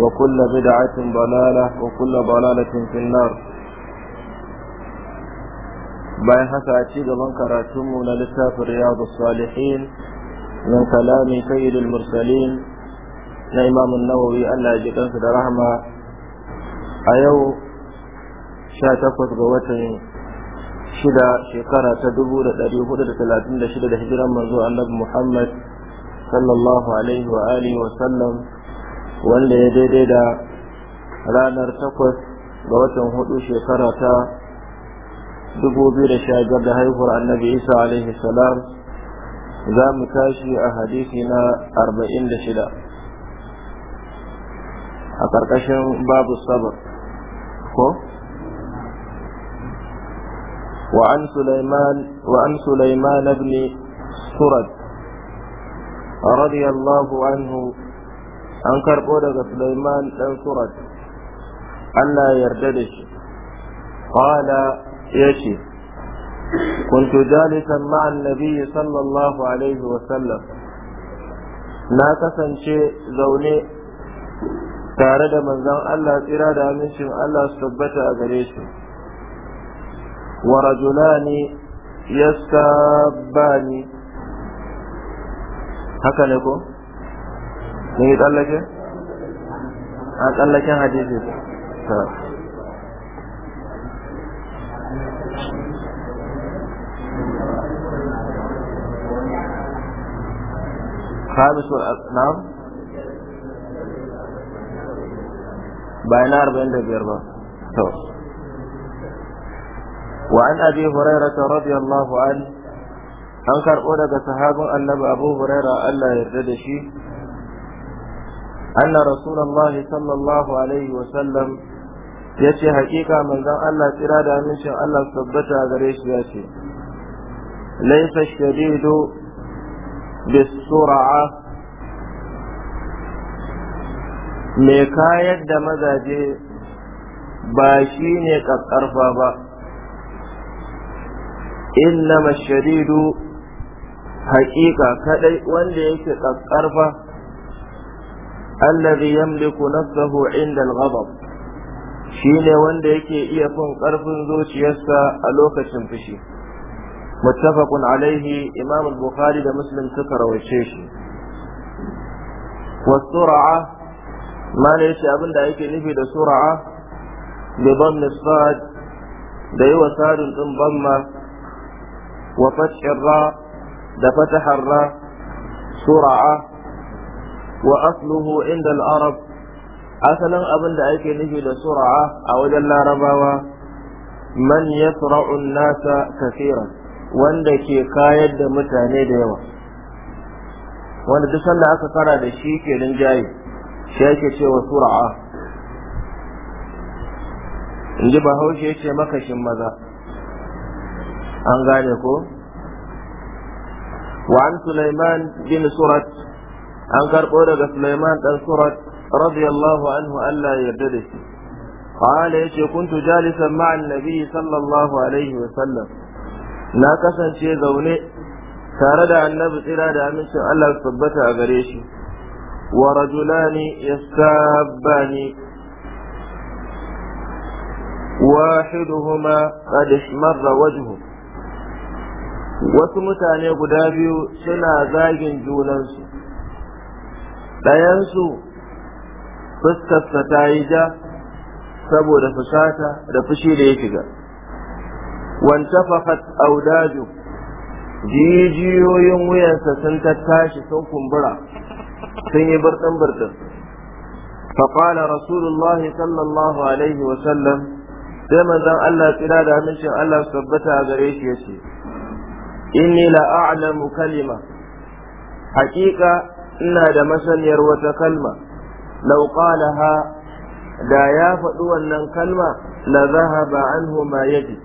وكل بدعة ضلالة وكل ضلالة في النار bayan haka a ci gaban karatunmu na littafin riyadu salihin min kalami sayyidul mursalin na imamun nawawi Allah ji kansu da rahama a yau 18 ga watan shida shekara ta 1436 da hijiran manzo annabi Muhammad sallallahu wanda ya daidai da ranar takwas ga watan hudu shekara ta dubu biyu da sha biyar da haihuwar annabi isa alaihi salam za mu tashi a hadisi na arba'in da shida a ƙarƙashin babu sabar ko وعن سليمان وعن سليمان بن سرد رضي الله عنه an karɓo daga Sulaiman ɗan Surat, Allah yarda da shi, ƙwala ya ce, Kuntu jalisan ma'an nabiyyi sallallahu Alaihi wasallam, na kasance zaune tare da manzon Allah tsira da amincin Allah su tabbata a gare shi, wa rajulani ya haka ne ko? mun yi tsallake? a tsallaken hadisi ta khamisul asnam bayan 45 ba to wa an abi radiyallahu an an karbo daga sahabin annabi abu huraira Allah yarda da shi أن رسول الله صلى الله عليه وسلم يتي حقيقة من ذا الله ترادى من شاء الله ثبتها غريش يتي ليس الشديد بالسرعة me kayar da mazaje ba shi ne ƙarfa ba innama shadidu haƙiƙa kaɗai wanda yake ƙarfa الذي يملك نفسه عند الغضب shine wanda yake iya fin ƙarfin zuciyarsa a lokacin fushi muttafaqun alaihi imam al-bukhari da muslim suka rawace shi wa sur'a ma ne abin da yake nufi da sur'a bi dhammi sad da yawa sadun din dhamma wa fathir ra da fatahar ra sur'a wa asluhu inda al-arab asalin abin da ake nufi da sura'a a wajen larabawa man yasra'u nasa kaseeran wanda ke kayar da mutane da yawa wanda duk sanda aka kara da shi ke rinjaye shi yake cewa sura'a in bahaushe ce makashin maza an gane ko an سليمان بن سرة an karɓo daga Sulaiman ɗan Surat radiyallahu anhu Allah ya yarda da shi qala yace kuntu jalisan ma'a annabi sallallahu alaihi wa sallam na kasance zaune tare da annabi tsira da amincin Allah su tabbata a gare shi wa rajulani yastabbani wahiduhuma qad ihmarra wajhu wasu mutane guda biyu suna zagin junansu ɗayansu fuskarsa ta yi ja saboda fusata da fushi da ya shiga wantafafat audaju jijiyoyin wuyansa sun tattashi sun kumbura sun yi birɗin birɗin فقال رسول الله صلى الله sai manzon Allah tsira da amincin Allah su tabbata a gare shi yace inni la a'lamu kalima haƙiƙa ina da masaniyar wata kalma lau qalaha da ya faɗi wannan kalma la zahaba anhu ma yaji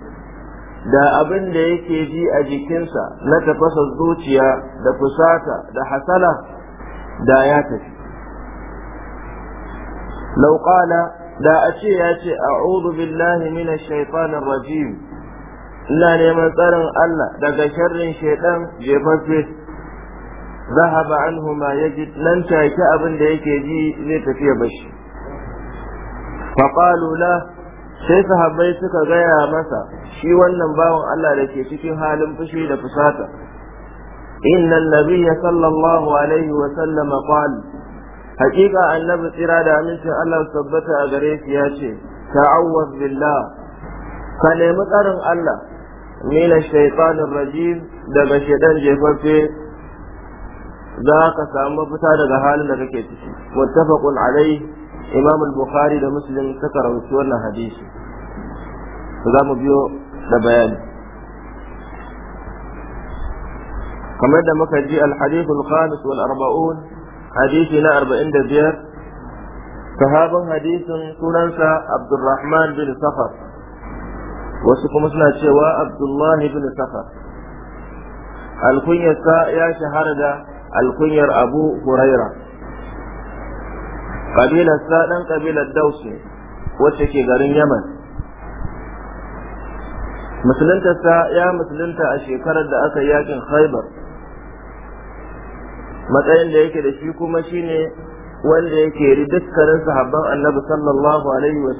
da abin da yake ji a jikinsa na tafasa zuciya da fusata da hasala da ya tafi lau qala da a ce ya ce a'udhu billahi minash shaitanir rajim ina neman tsarin Allah daga sharrin shaitan jefaffe ذهب عنه ما يجد لن تايك yake ji يجي tafiya bashi. فقالوا la sai sahabbai suka gaya masa shi wannan bawan Allah da ke cikin halin fushi da fusata inna nabiyya sallallahu alaihi wa sallama qala haqiqa annabi tsira da amincin Allah tabbata a gare shi ya ce ta'awwaz billah ka nemi tsarin Allah min ash-shaytanir rajim daga shaitan jefaffe za ka samu mafita daga halin da kake ciki muttafaqun alai imam al-bukhari da muslim suka rawaito wannan hadisi za mu biyo da bayani kamar da muka ji al-hadith al-khamis wal arba'un hadisi na 45 sahabin hadisin sunansa abdurrahman bin safar wasu kuma suna cewa abdullahi bin safar alkunyarsa ya shahara da alkunyar abu huraira kabilar ɗan kabilar dausu wacce ke garin yaman musuluntarsa ya musulunta a shekarar da aka yakin khaibar matsayin da yake da shi kuma shine wanda yake ri dukkanin sahabban annabi sallallahu alaihi wa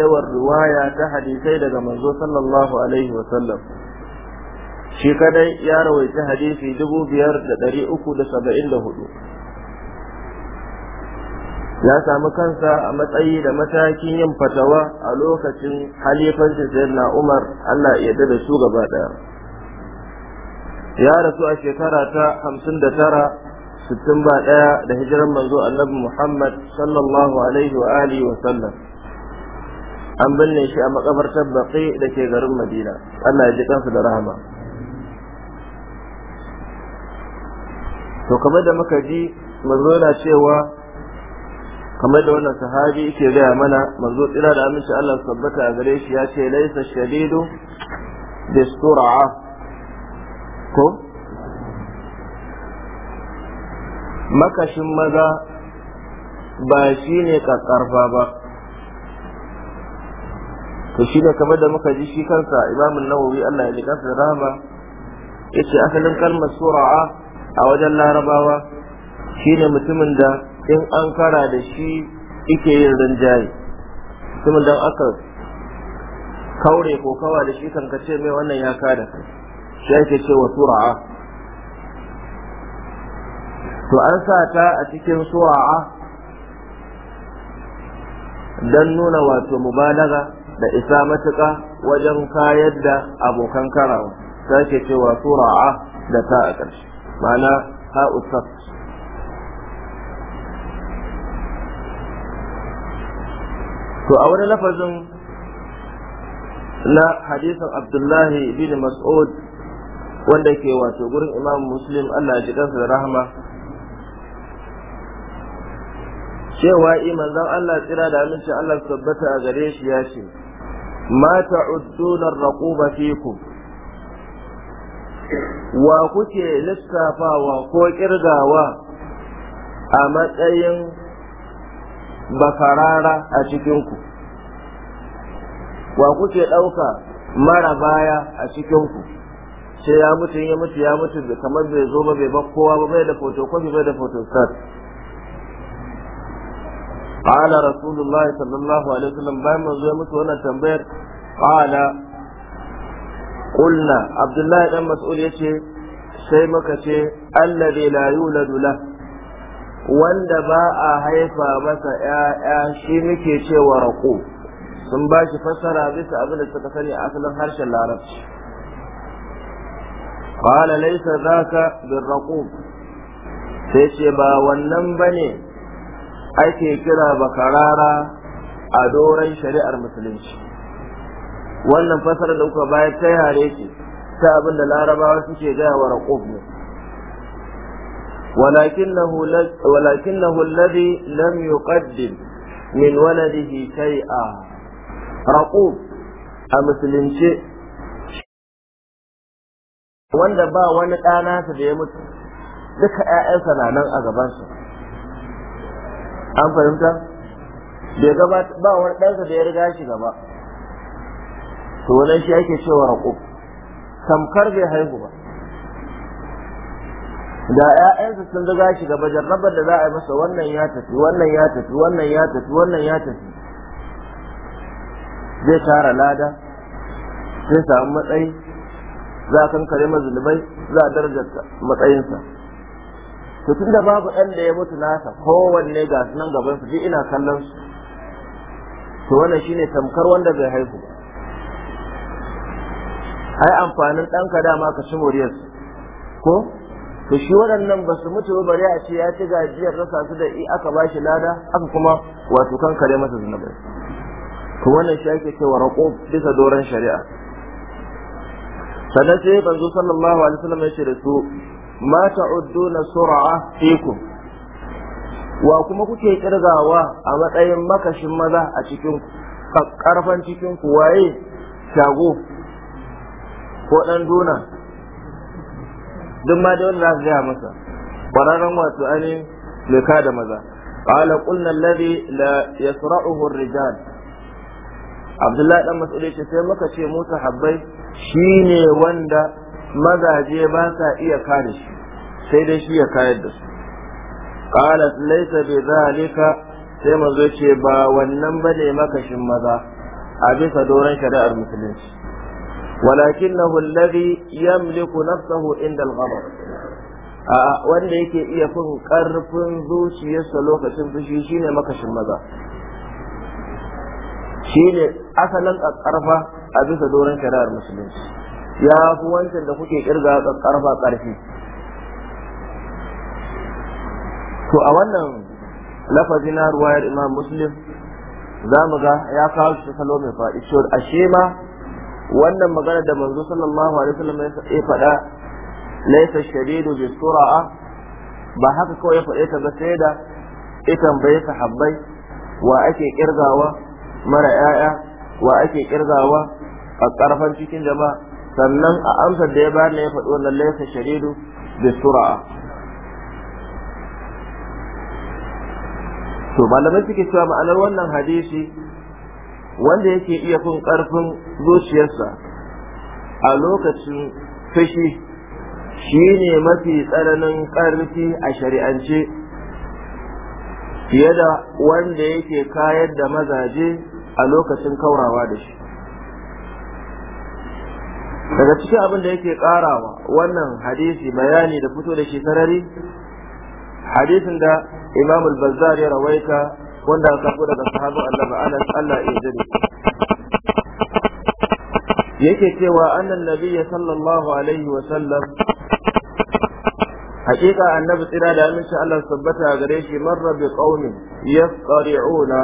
yawan riwaya ta hadisai daga manzo sallallahu alaihi shi kadai ya rawaita hadisi dubu biyar da ɗari uku da saba'in da hudu ya samu kansa a matsayi da matakin yin fatawa a lokacin halifanci na umar allah ya da su gaba ɗaya ya rasu a shekara ta hamsin da tara sittin ba ɗaya da hijiran manzo annabi muhammad sallallahu alaihi wa alihi wa sallam an binne shi a makabartar baƙi da ke garin madina allah ya ji kansa da rahama to kamar da muka ji manzo yana cewa kamar da wannan sahabi yake gaya mana manzo tsira da aminci Allah sabbata a gare shi ya ce laisa shadidu bi sur'a ko makashin maza ba shi ne kakkarfa ba to shi ne kamar da muka ji shi kansa imamun nawawi Allah ya ji kansa rahama yace asalin kalmar sur'a a wajen larabawa shine mutumin da in an kara da shi ike yin rinjaye mutumin da aka kaure ko kawa da shi kan kace mai wannan ya kada kai shi ake cewa sura'a to an sa ta a cikin sura'a don nuna wato mubalaga da isa matuƙa wajen kayar da abokan karawa ta cewa sura'a da ta a ƙarshe ma'ana hausaf. to a wani lafazin na hadisin abdullahi bin mas'ud wanda ke wato gurin imam muslim allah ya jikansa da rahama cewa iman eh, zan allah tsira da aminci allah tabbata a gare shi ya ce Mata uddunar raƙuba raquba wa kuke lissafawa ko kirgawa a matsayin bakarara a cikinku wa kuke ɗauka mara baya a cikinku ce ya mutu ya mutu ya mutu kamar bai zo ba bai kowa ba bai da foto photocopy bai da foto photostat قال رسول الله صلى الله عليه وسلم بايما زي متوانا تنبير قال qulna abdullahi dan mas'ud yace sai muka ce alladhi la yuladu la wanda ba a haifa masa ƴaƴa shi muke cewa raqu sun ba shi fassara bisa abin da suka sani a asalin harshen larabci qala laysa dhaka birraqub sai ce ba wannan bane ake kira bakarara a doron shari'ar musulunci wannan fasara da kuka bayar ta yare ce ta abin da larabawa suke gaya wa raƙuf ne ولكنه lam yuqaddim min waladihi shay'a شيئا a Musulunci. wanda ba wani ɗanasa da ya mutu duka ‘ya'yansa na nan a gabansa an fahimta bai ba wani ɗansa da ya riga shi gaba to wannan shi ake cewa raƙo tamkar bai haihu ba da ƴaƴansa sun riga shi gaba jarrabar da za a yi masa wannan ya tafi wannan ya tafi wannan ya tafi wannan ya tafi zai tara lada zai samu matsayi za a kankare mazulubai za a daraja matsayinsa to tun da babu ɗan da ya mutu nasa kowanne ga sunan nan su, duk ina kallon su to wannan shine tamkar wanda bai haihu ai amfanin ɗanka dama ka ci moriyarsa ko to shi waɗannan ba su mutu bari a ce ya ci gajiyar rasa su da i aka ba shi lada aka kuma wato kan kare masa zunubai to wannan shi ake cewa raƙo bisa doron shari'a sannan sai banzo sallallahu alaihi wasallam ya ce da su ma ta'udduna sur'a fikum wa kuma kuke kirgawa a matsayin makashin maza a cikin karfan cikin ku waye shago ko ɗan duna duk ma da wanda gaya masa ƙwararren wato ainihin mai kada maza قال قلنا الذي لا يسرعه الرجال عبد الله dan mas'ud ce sai muka ce Musa sahabbai shine wanda mazaje ba sa iya kare shi sai dai shi ya kayar da su qala laysa bi zalika sai manzo ce ba wannan bane makashin maza a bisa doron shari'ar musulunci ولكنه الذي يملك نفسه عند الغضب wanda yake iya fin karfin zuciyarsa lokacin fushi shine makashin maza shine asalin ƙarfa a bisa doron shari'ar musulunci ya fi wancan da kuke kirga ƙarfa ƙarfi to a wannan lafazi na ruwayar imam muslim za mu ga ya kawo shi salo mai faɗi ashe ma wannan magana da manzo sallallahu alaihi wasallam ya faɗa laysa shadidu bi sur'a ba haka kawai ya faɗe ta ba sai da ya tambaye sahabbai wa ake kirgawa mara yaya wa ake kirgawa a karfan cikin jama'a sannan a amsar da ya bayar ne ya faɗi wannan laysa shadidu bi sur'a to malamai suke cewa ma'anar wannan hadisi wanda yake iya fin ƙarfin zuciyarsa a lokacin fashi shi ne mafi tsananin ƙarfi a shari'ance fiye da wanda yake kayar da mazaje a lokacin kaurawa da shi daga cikin abin da yake karawa wannan hadisi bayani da fito da shi sarari hadisin da imam al-bazzar ya rawaita wanda aka karbo daga sahabu Allah, Anas Allah ya jira yake cewa annan nabiyya sallallahu alaihi wa sallam hakika annabi tsira da aminci Allah tabbata gare shi marra bi qaumin yasqari'una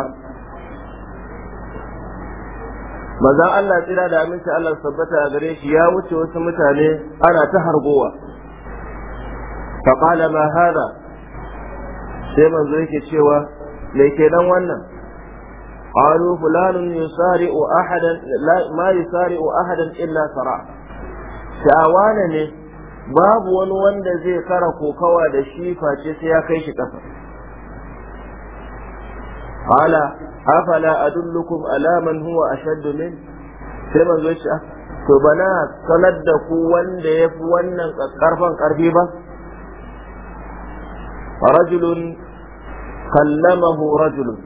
manzon Allah tsira da aminci Allah tabbata gare shi ya wuce wasu mutane ana ta hargowa faqala ma hada sai manzo yake cewa me nan wannan قالوا فلان يسارع أحدا لا ما ahadan illa إلا سرع ne babu wani wanda zai kara kokawa da shi face sai ya kai shi kasa qala afala adullukum ala man huwa ashaddu min sai manzo shi ah, to bana sanar da ku wanda yafi wannan karfan karfi ba rajulun kallamahu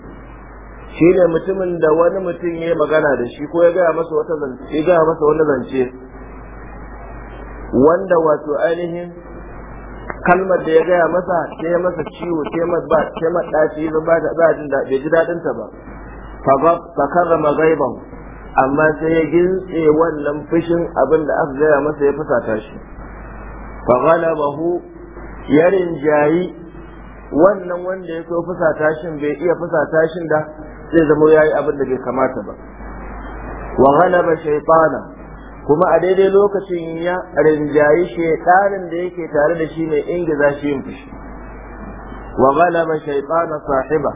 Shi ne mutumin da wani mutum ya magana da shi ko ya gaya masa wata zance ya masa wani zance wanda wato ainihin kalmar da ya gaya masa ce masa ciwo ce masa ba ce masa ba da ba da bai ji dadin ba fa karrama gaiban amma sai ya gintse wannan fushin abin da aka gaya masa ya fusata shi fa Bahu ya rinjayi wannan wanda ya so fusata shin bai iya fusata shin da zai zama yayi abin da bai kamata ba wa ghalaba shaytana kuma a daidai lokacin ya rinjayi shaytanin da yake tare da shi mai ingiza shi yin fushi wa ghalaba shaytana sahiba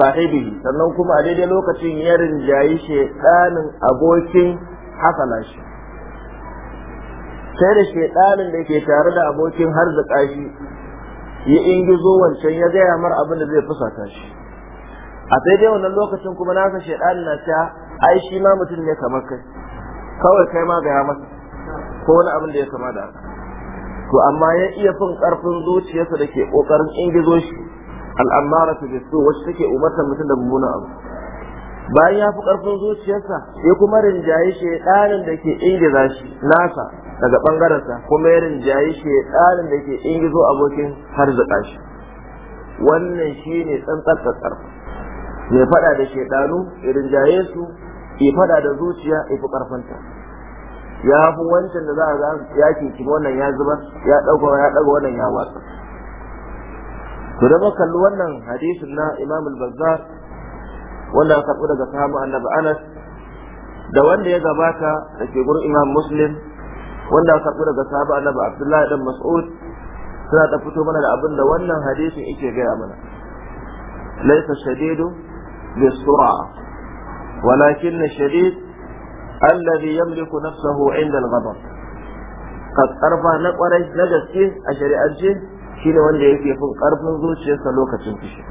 sahibi sannan kuma a daidai lokacin ya rinjayi shaytanin abokin hasala shi sai da shaytanin da yake tare da abokin harzuka shi ya ingizo wancan ya gaya mar abin da zai fusata shi a sai dai wannan lokacin kuma nasa shaidan na ta ai shi ma mutum ne kamar kai kawai kai ma gaya masa ko wani abin da ya kama da haka to amma ya iya fin karfin zuciyarsa da ke kokarin ingizo shi al'amara ta bisu wacce take umartar mutum da mummunan abu bayan ya fi karfin zuciyarsa ya kuma rinjaye shaidanin da ke ingiza shi nasa daga ɓangarensa kuma ya rinjaye shi ya da ke ingizo abokin har zuƙa shi wannan shi ne tsantsar tsantsar ya faɗa da shaiɗanu ya rinjaye su ya faɗa da zuciya ya fi ƙarfinta ya fi wancan da za a ya kinkimi wannan ya zuba ya ɗaga ya ɗaga wannan ya watsa to da kalli wannan hadisin na imam al-bazzar wanda aka daga sahabu annabi anas da wanda ya gabata da ke gurin imam muslim wanda aka karɓi daga sahaba annabi abdullahi dan mas'ud suna ta fito mana da abin da wannan hadisin yake gaya mana laysa shadidu bisura walakin shadid alladhi yamliku nafsahu inda al-ghadab karfa na kwarai na gaske a shari'ance shine wanda yake fin karfin zuciyarsa lokacin fushi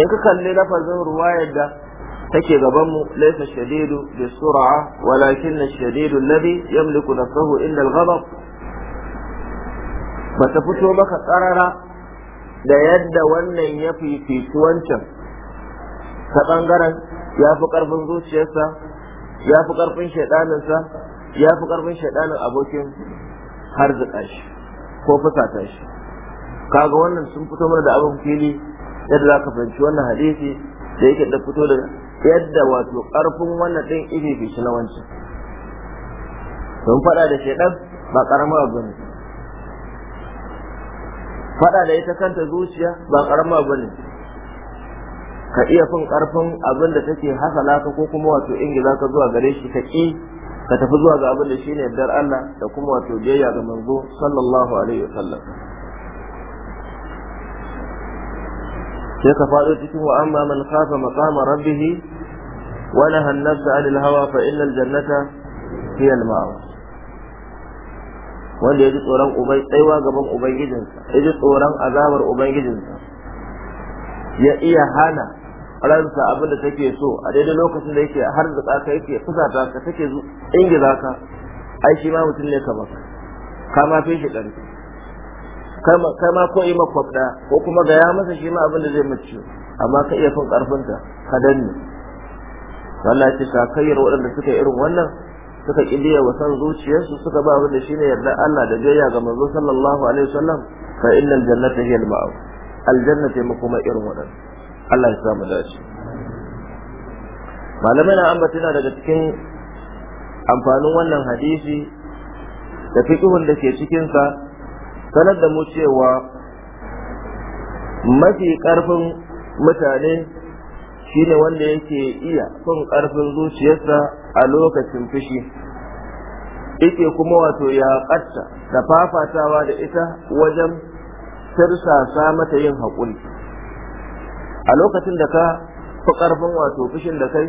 in ka kalli lafazin ruwayar da take gaban mu laysa shadidu bi sur'a walakin ash-shadidu alladhi yamliku nafsuhu illa al-ghadab bata fito maka tsarara da yadda wannan ya fifi wancan ta bangaren ya fi karfin zuciyarsa ya fi karfin shaidaninsa ya fi karfin shaidanin abokin harzika shi ko fusata shi kaga wannan sun fito mana da abin fili yadda za ka fahimci wannan hadisi da yake da fito da yadda wato ƙarfin wannan ɗin ibi bi shi na don faɗa da shaidan ba ƙaramar abu ne faɗa da ita kanta zuciya ba ƙaramar abu ne ka iya fin ƙarfin abin da take hasala ka ko kuma wato ingiza ka zuwa gare shi ka ƙi ka tafi zuwa ga abin da shi ne yardar Allah da kuma wato biyayya ga manzo sallallahu alaihi wasallam sai ka faɗo cikin wa amma man khafa maqama rabbihi ونهى النفس عن الهوى فإن الجنة هي المأوى wanda ya ji tsoron tsaiwa gaban ubangijinsa ya ji tsoron azabar ubangijinsa ya iya hana ransa abin da take so a daidai lokacin da yake har da ka yake fusata ka take ingiza ka ai shi ma mutum ne ka kamar ka ma fi shi ƙarfi ka ma ko yi makwabda ko kuma gaya masa shi ma abin da zai mace amma ka iya fin ƙarfinta ka danne Allah ya ce sakayyar waɗanda suka yi irin wannan suka kidiya wa san zuciyarsu suka ba wanda shine yarda Allah da jayya ga manzo sallallahu alaihi wasallam fa innal jannata hiya al-ma'wa aljanna ce kuma irin waɗanda Allah ya sa mu dace malamai na ambatina daga cikin amfanin wannan hadisi da fiqhun da ke cikin sa sanar da mu cewa mafi karfin mutane shine wanda yake iya son ƙarfin zuciyarsa a lokacin fushi yake kuma wato ya ƙatta da fafatawa da ita wajen tirsasa mata yin haƙuri a lokacin da ka fi ƙarfin wato fushin da kai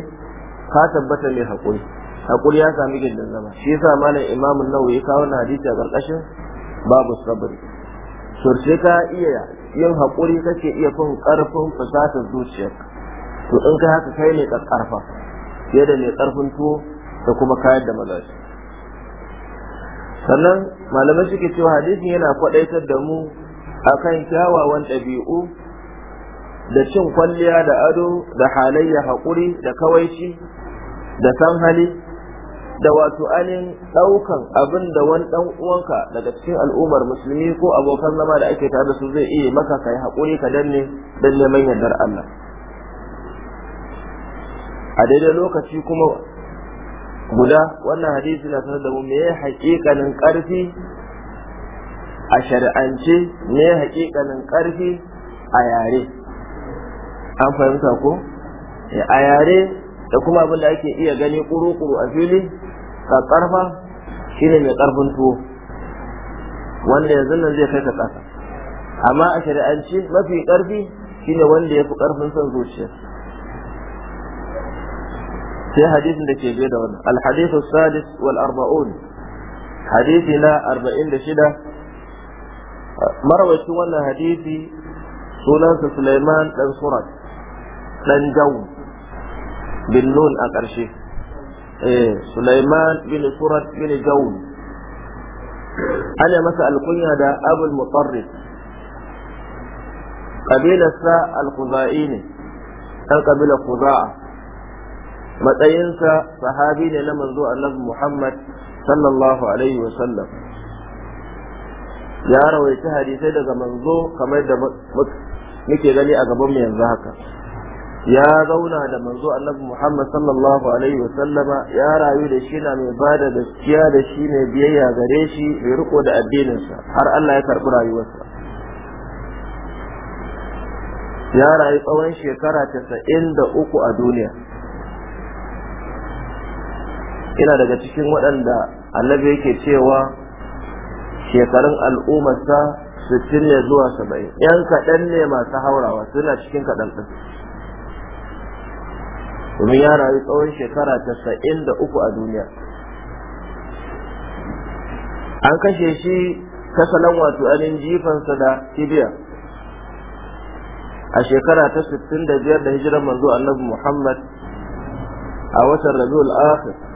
ka tabbata mai haƙuri haƙuri ya sami gindin zama shi yasa malam imamun nawa ya kawo na hadisi a ƙarƙashin babu sabri surce ka iya yin haƙuri kake iya fin ƙarfin fusatar zuciyarka to in ka haka kai ne karfa fiye da mai karfin tuwo da kuma kayan da maza shi sannan malamai suke cewa hadisin yana kwadaitar da mu akan kyawawan ɗabi'u da cin kwalliya da ado da halayya haƙuri da kawaici da san hali da wato anin ɗaukan abinda da wani ɗan uwanka daga cikin al'ummar musulmi ko abokan zama da ake tare da su zai iya maka kai haƙuri ka danne dan neman yardar Allah a daidai lokaci kuma guda wannan hadisi na sanar da mu me haƙiƙanin ƙarfi a shari'ance me haƙiƙanin ƙarfi a yare an fahimta ko a yare da kuma abin da ake iya gani kuru-kuru a fili ka ƙarfa shine mai ƙarfin tuwo wanda yanzu nan zai kai ka ƙasa amma a shari'ance mafi ƙarfi shine wanda ya fi ƙarfin son zuciya sai hadisin da ke biye da wannan alhadithu sadis wal arba'un hadisi na arba'in da shida marawacin wannan hadisi sunansa Sulaiman dan Surat dan Jawu bin Nun a ƙarshe eh Sulaiman bin Surat bin Jawu ana masa alkunya da Abul Mutarrif kabilarsa al-Khuzai ne dan kabilar Khuza'a matsayinsa sahabi ne na manzo annabi Muhammad sallallahu alaihi wa sallam ya rawaita hadisai daga manzo kamar da muke gani a gaban mu yanzu haka ya zauna da manzo annabi Muhammad sallallahu alaihi wa sallama ya rayu da shi na mai bada gaskiya da shi mai biyayya gare shi mai riko da addininsa har Allah ya karbi rayuwarsa ya rayu tsawon shekara 93 a duniya ina daga cikin waɗanda annabi yake cewa shekarun al'ummarsa sittin ne zuwa saba'in yan kaɗan ne masu haurawa suna cikin kaɗan ɗin domin ya rayu tsawon shekara tasa'in da uku a duniya an kashe shi kasalan wato anin jifansa da kibiya a shekara ta sittin da biyar da hijirar manzo annabi muhammad a watan rabiul akhir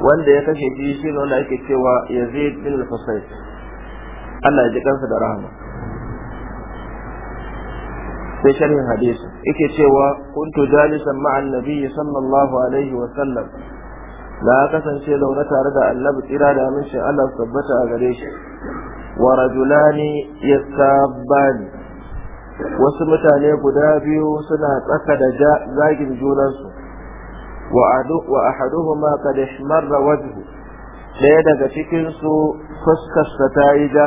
wanda ya kashe shi shi ne wanda ake cewa 'Ya zai bin al-husayn Allah ya ji kansa da rahama sai sharhin hadisi yake cewa kuntu jalisan ma'a annabi sallallahu alaihi wa sallam na kasance zaune tare da annabi tsira da amincin Allah su tabbata a gare shi wa rajulani yasabbani wasu mutane guda biyu suna tsaka da zagin junansu وأحدهما قد احمر وجهه ɗaya daga cikin fuskarsa ta yi ja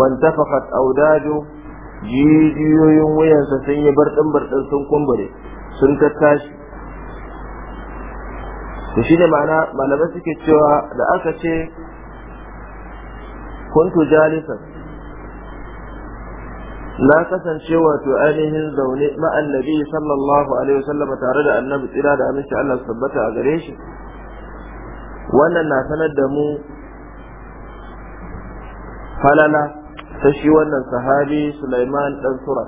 wantafakat audajo jijiyoyin wuyansa sun yi barɗin barɗin sun kumbure sun tattashi to shi ne ma'ana malamai suke cewa da aka ce kuntu jalisan na kasance wato ainihin zaune ma'an nabi sallallahu alaihi wasallam tare da annabi tsira da aminci Allah tabbata a gare shi wannan na sanar da mu falala ta shi wannan sahabi Sulaiman dan Sura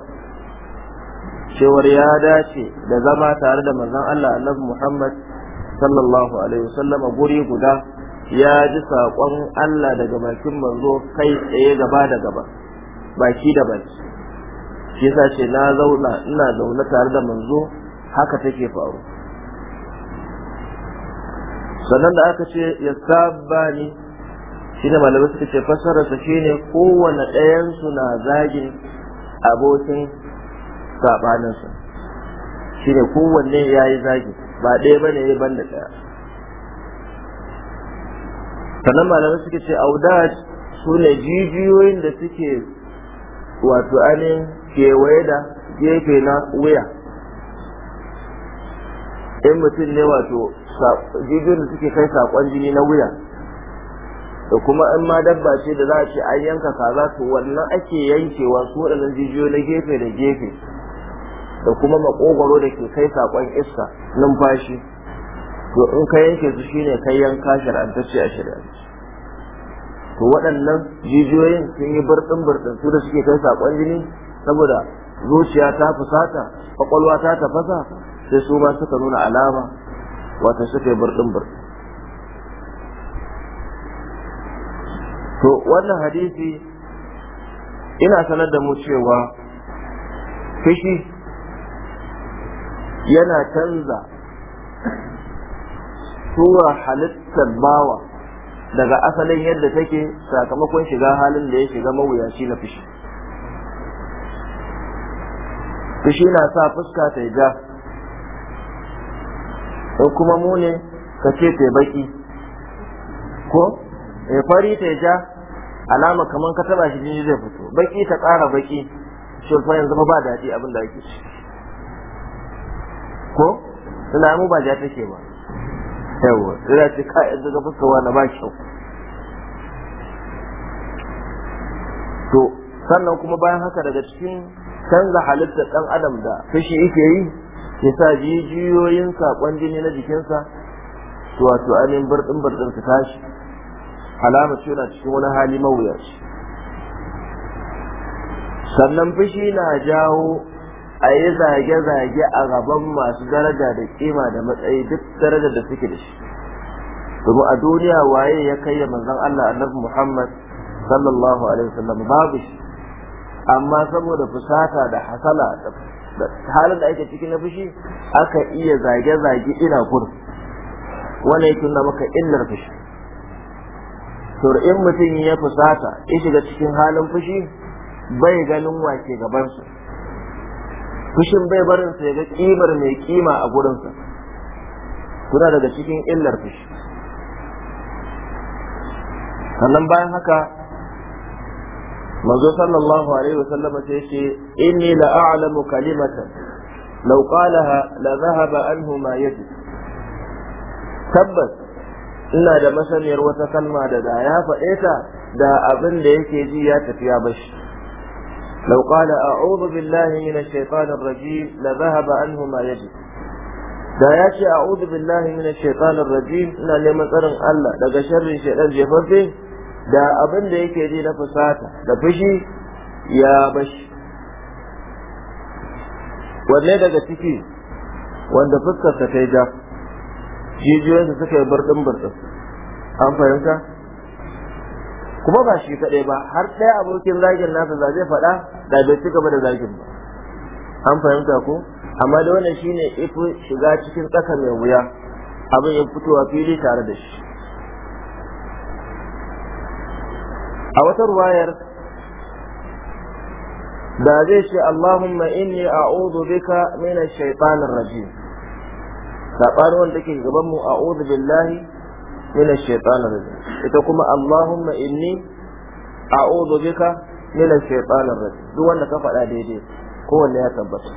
cewar ya dace da zama tare da manzon Allah annabi Muhammad sallallahu alaihi wasallam guri guda ya ji saƙon Allah daga bakin manzo kai tsaye gaba da gaba baki da baki shi yasa ce na zauna ina zaune tare da manzo haka take faru sannan da aka ce ya saba ni shi da malamai suka ce shi ne kowane ɗayansu na zagin abokin saɓaninsu, shi ne kowanne ya yi zagi ba ɗaya ba ne ya ban da ɗaya sannan malamai suka ce auda su ne jijiyoyin da suke wato ainihin kewaye da gefe na wuya in mutum ne wato jijiyar da suke kai sakon jini na wuya da kuma in ma dabba ce da za a ce an yanka kaza to wannan ake yankewa su waɗannan jijiyoyi na gefe da gefe da kuma makogwaro da ke kai sakon iska numfashi to in ka yanke su shine kai yanka shar'antacce a shari'ance to waɗannan jijiyoyin sun yi burɗin burɗin su da suke kai sakon jini saboda zuciya ta fusata kwakwalwa ta tafasa sai su ma suka nuna alama wata suka yi burɗin to wannan hadisi ina sanar da mu cewa fushi yana canza tura halittar bawa daga asalin yadda take sakamakon shiga halin da ya shiga mawuyaci na fushi to shi na sa fuska ta yi ja ko kuma mu ne ka ce ta baki ko ya eh, fari ta ja alama kamar ka taba shi jini zai fito baki ta ƙara baki shi fa yanzu ba daɗi abin da ake shi ko ina mu ba ja take ba yawa ina ce ka yanzu ga fuska wa na ba kyau to sannan kuma bayan haka daga cikin canza halittar ɗan adam da fushi yake yi ya sa jijiyoyin saƙon jini na jikinsa su wato ainihin birɗin birɗin su tashi alama ce na cikin wani hali mawuyaci sannan fushi na jawo a yi zage-zage a gaban masu daraja da kima da matsayi duk daraja da suke da shi domin a duniya waye ya kai manzon Allah annabi Muhammad sallallahu alaihi wasallam babu shi amma saboda fusata da hasala da halin da ake ciki na fushi aka iya zage-zage ina gudu wani yake nuna maka illar fushi to in mutum ya fusata ya shiga cikin halin fushi bai ganin wake gabansa fushin bai barin sa ya ga kimar mai kima a gurinsa kuna daga cikin illar fushi sannan bayan haka manzo sallallahu alaihi wasallam sai ce inni la a'lamu kalimatan law qalaha la dhahaba anhu ma yaji tabbas ina da masaniyar wata kalma da da ya faɗe ta da abin da yake ji ya tafi ya bashi لو قال أعوذ بالله من الشيطان الرجيم لذهب عنه ما يجب da ya ce a'udhu billahi minash shaitanir rajim ina neman tsarin Allah daga sharrin shaitan jefaffe da abin da yake ji na fusata da fushi ya bashi wanne daga ciki wanda fuskarsa ta yi ja jijiyoyinsa suka yi burɗin burɗin an fahimta kuma ba shi kaɗai ba har ɗaya abokin zagin nasa za zai faɗa da bai ci gaba da zagin ba an fahimta ko amma da wannan shine ifi shiga cikin tsaka mai wuya abin ya fitowa fili tare da shi a wata ruwayar da zai ce Allahumma inni a'udhu bika min ash-shaytanir rajim sabarin wanda ke gaban mu a'udhu billahi min ash-shaytanir rajim ita kuma Allahumma inni a'udhu bika min ash-shaytanir rajim duk wanda ka faɗa daidai kowanne ya tabbata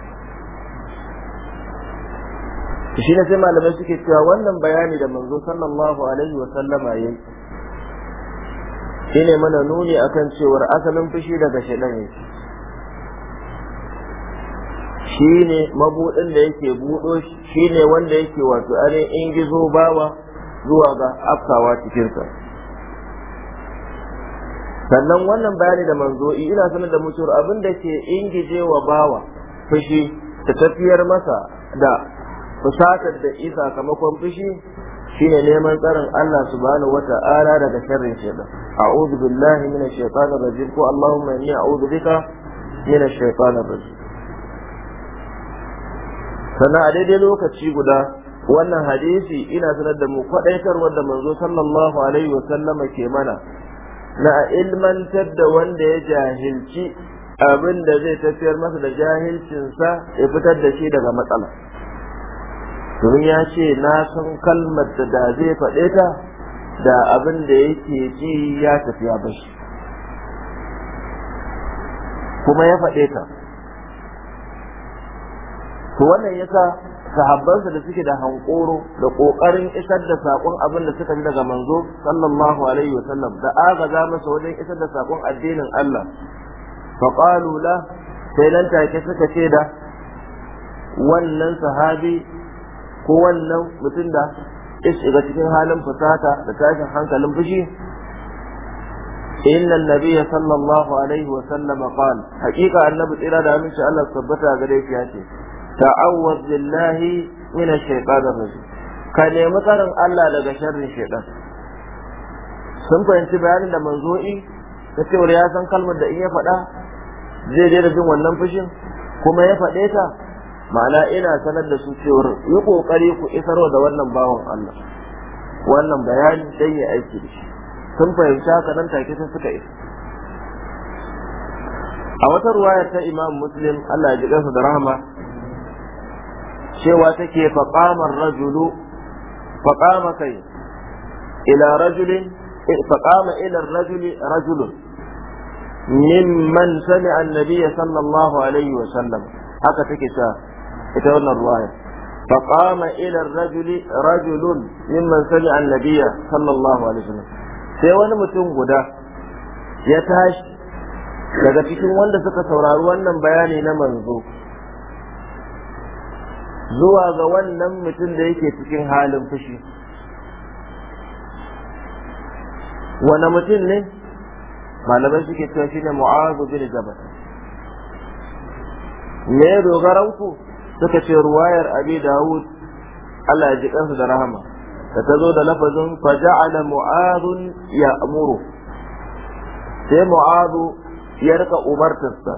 shi ne sai malamai suke cewa wannan bayani da manzo sallallahu alaihi wa sallama yayi shine mana nuni akan cewar asalin fushi daga shaidan ne shine mabudin da yake budo shine wanda yake wato arin in gizo bawa zuwa ga afkawa cikinsa sannan wannan bayani da manzo'i ina sanar da mutuwar abin da ke ingije wa bawa fushi ta tafiyar masa da fusatar da isa kamakon fushi shine neman tsarin Allah subhanahu ta'ala daga sharrin shaytan a'udhu billahi minash shaitanir rajim ko Allahumma inni a'udhu bika minash shaitanir rajim sannan a daidai lokaci guda wannan hadisi ina sanar da mu kwadaitarwar da manzo sallallahu alaihi wa sallama ke mana na ilmantar da wanda ya jahilci abin da zai tafiyar masa da jahilcinsa ya fitar da shi daga matsala domin ya ce na san kalmar da da zai faɗe ta da abin da yake ji ya tafi ya bashi kuma ya faɗe ta to wannan yasa sahabbansa da suke da hankoro da ƙoƙarin isar da saƙon abin da suka ji daga manzo sallallahu alaihi wa sallam da za masa wajen isar da saƙon addinin Allah faqalu la sai nan take suka ce da wannan sahabi ko wannan mutum da ya shiga cikin halin fusata da tashin hankalin fushi inna nabiyya sallallahu alaihi wa sallama qala haqiqa annabi tsira da aminci Allah tabbata gare shi ya ce ta'awwaz billahi min ash-shaytanir rajim ka nemi tsarin Allah daga sharrin shaytan sun fahimci bayanin da manzo'i ta cewar ya san kalmar da in ya faɗa zai daina jin wannan fushin kuma ya faɗe ta ma'ana ina sanar da su cewar yi kokari ku isarwa da wannan bawan Allah wannan bayani dan ya aiki da shi sun fahimci haka nan take sai suka isa a wata ruwaya ta Imam Muslim Allah ya ji kansa da rahama cewa take fa qama ar-rajulu fa qama kai ila rajulin fa qama ila ar-rajuli rajulun mimman sami'a an-nabiy sallallahu alaihi wa sallam haka take cewa ita wannan ruwaya فقام إلى الرجل رجل ممن سمع النبي صلى الله عليه وسلم sai wani mutum guda ya tashi daga cikin wanda suka saurari wannan bayani na manzo zuwa ga wannan mutum da yake cikin halin fushi wani mutum ne malamai suke cewa shine mu'azu bin jabal me ku? suka ce ruwayar abi dawud Allah ya ji kansu da rahama da ta zo da lafazin faja'ala mu'adun ya amuru sai mu'adu ya rika umartarsa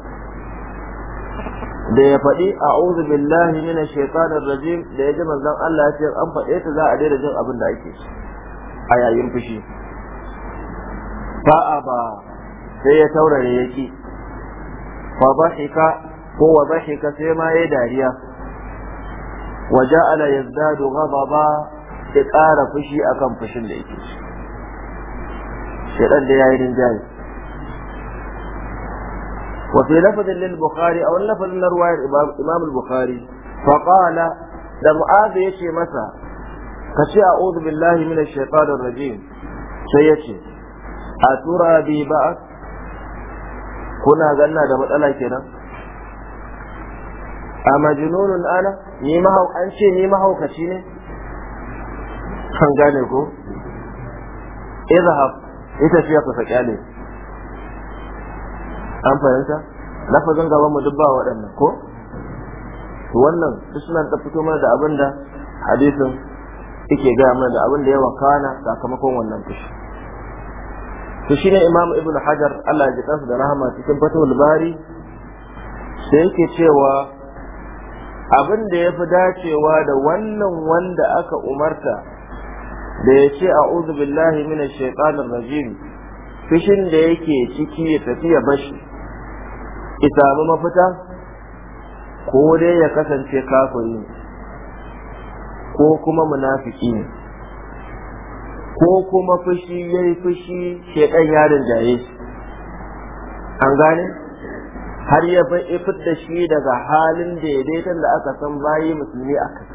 da ya faɗi uzu billahi minash shaitanir rajim da ya ji manzon Allah ya ce an faɗe ta za a daina jin abin da ake a yayin fushi fa'a ba sai ya taurare yake fa dhahika ko wa ka sai ma yi dariya wa ja'ala yazdadu ba ya kara fushi akan fushin da yake shedan da yayi rinjaye wa fi lafazin lil bukhari aw lafazin na ruwayar imam al-bukhari fa qala da mu'adh yace masa ka ce a'udhu billahi minash shaitanir rajim sai yace atura bi ba'ath kuna ganna da matsala kenan a majnunun ana ni mahau an ce ni mahaukaci ne kan gane ko izhab ita tafiya ka saki ne an fahimta lafazin gaban mu duk ba waɗannan ko wannan duk suna da fito mana da abin da hadisin yake gaya mana da abin da ya wakana sakamakon wannan fushi to shine imamu ibnu hajar Allah ya ji kansa da rahama cikin fatul bari sai yake cewa abin da ya fi dacewa da wannan wanda aka umarta da ya ce a billahi mina shaitanin rajim fishin da yake ciki ya tafi ya bashi ki samu mafita ko dai ya kasance kafiri ne ko kuma munafiki ne ko kuma fushi ya yi fushi shaitan yarin jaye an gane har ya ifit da shi daga halin daidaiton da aka san bayi musulmi a kai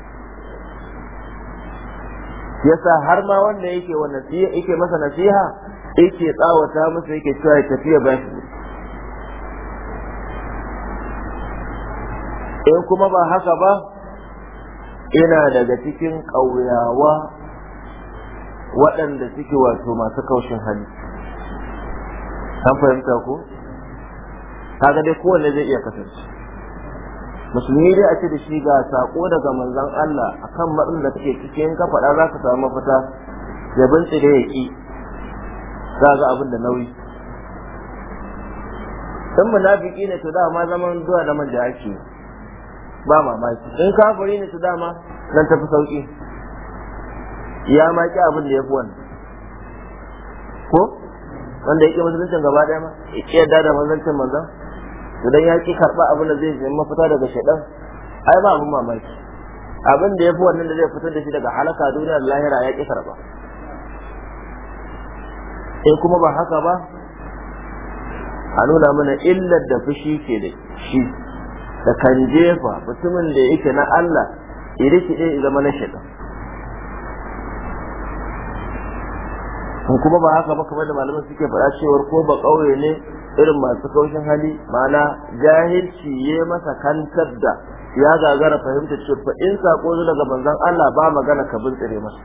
yasa har ma wanda yake nasiha yake masa nasiha yake tsawata masa yake cewa ya tafiya ba shi in kuma ba haka ba ina daga cikin ƙauyawa waɗanda suke wato masu kaushin hali an fahimta ko kaga dai kowanne zai iya kasance musulmi dai a ce da shi ga sako daga manzon Allah akan matsin da take cikin ka faɗa za ka samu mafita ya binci da ya ki za ga abin da nauyi dan munafiki ne to dama zaman zuwa da man da ake ba mamaki in kafiri ne to dama nan tafi sauki ya ma ki abin da ya fi wannan ko wanda ya ƙi musuluncin gaba daya ma ya ƙi yadda da manzancin manzon to dan ya ki karba abin da zai je mafita daga shaidan ai ba abin mamaki abin da yafi wannan da zai fitar da shi daga halaka duniya da lahira ya ki karba sai kuma ba haka ba a nuna mana illar da fushi ke da shi da kan jefa mutumin da yake na Allah iri kiɗe zama na shaidan kuma ba haka ba kamar da malaman suke faɗa cewar ko ba ƙauye ne irin masu kaushin hali mana jahilci ya masa kantar da ya gagara fahimta ce fa in sako zuwa daga manzon Allah ba magana ka bintsire masa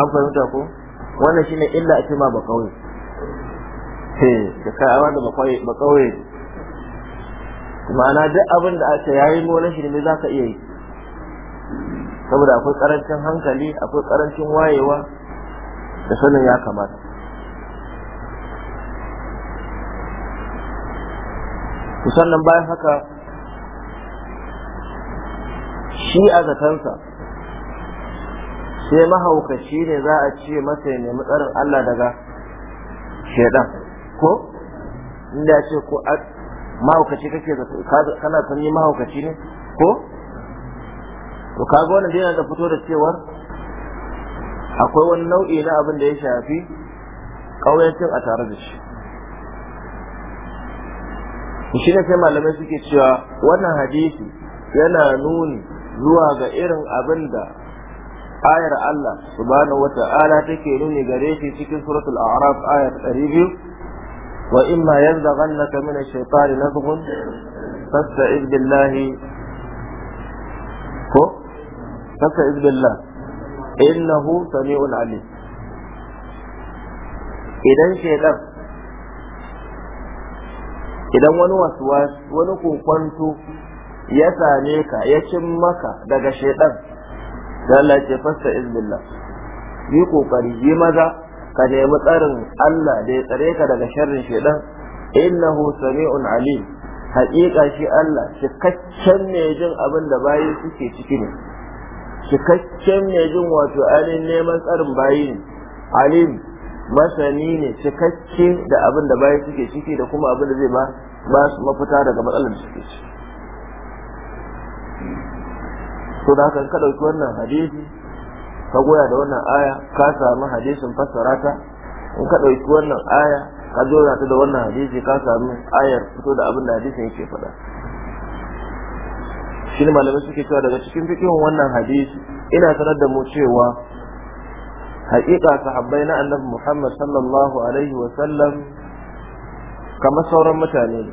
an fahimta ko wannan shine illa a cima ba kauye eh da kai awa da ba kauye ma'ana duk abin da aka yayi mu shi ne zaka iya yi saboda akwai karancin hankali akwai karancin wayewa da sanin ya kamata to sannan bayan haka shi a zatansa sai mahaukaci ne za a ce masa ya nemi tsarin Allah daga shaidan ko inda ya ce ko mahaukaci kake kana sanyi mahaukaci ne ko to kaga wannan dai da fito da cewar akwai wani nau'i na abin da ya shafi ƙauyancin a tare da shi shi ne sai malamai suke cewa wannan hadisi yana nuni zuwa ga irin abin da ayar Allah subhanahu wata'ala take nuni gare shi cikin suratul a'raf ayar 200 wa imma yanzaghannaka min ash-shaytani nazghun fasta'id billahi ko fasta'id billah innahu alim idan shaytan idan wani waswas wani kokwanto ya same ka ya cin maka daga shaidan da Allah ce fasta izbillah yi kokari yi maza ka nemi tsarin Allah da ya tsare ka daga sharrin shaidan innahu sami'un alim haƙiƙa shi Allah cikakken ne jin abin da bayi suke ciki ne cikakken ne jin wato ainihin neman tsarin bayi ne alim masani ne cikakke da abin da bayan suke ciki da kuma abin da zai ba ba su mafita daga matsalar da suke ciki to da haka ka ɗauki wannan hadisi ka goya da wannan aya ka samu hadisin fassara ta in ka ɗauki wannan aya ka jona ta da wannan hadisi ka samu ayar fito da abin da hadisin yake faɗa shi ne malamai suke cewa daga cikin fikihun wannan hadisi ina sanar da mu cewa haƙiƙa sahabbai na annabi Muhammad sallallahu alaihi wa sallam kamar sauran mutane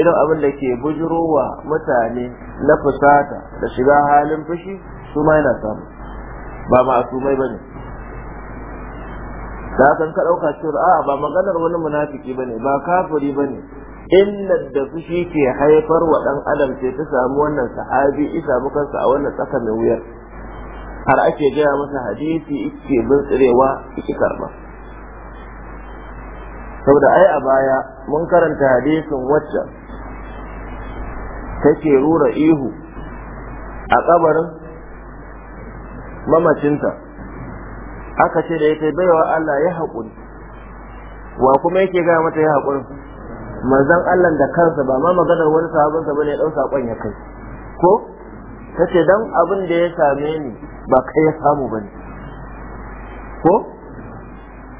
idan abin da ke bujurowa mutane na fusata da shiga halin fushi su ma yana samu ba ma'asumai bane da kan ka ɗauka cewa a'a ba maganar wani munafiki bane ba kafiri bane illar da fushi ke haifar wa ɗan adam ce ta samu wannan sahabi isa sa a wannan tsaka mai wuyar har ake gaya masa hadisi ike bin tsirewa ike karba saboda ai a baya mun karanta hadisin wacce take rura ihu a kabarin mamacinta aka ce da ya ta baiwa Allah ya haƙuri wa kuma yake gaya mata ya haƙuri manzon Allah da kansa ba ma maganar wani sahabinsa bane ya ɗau saƙon ya kai ko ta ce don abin da ya same ni ba kai ya samu ba ne ko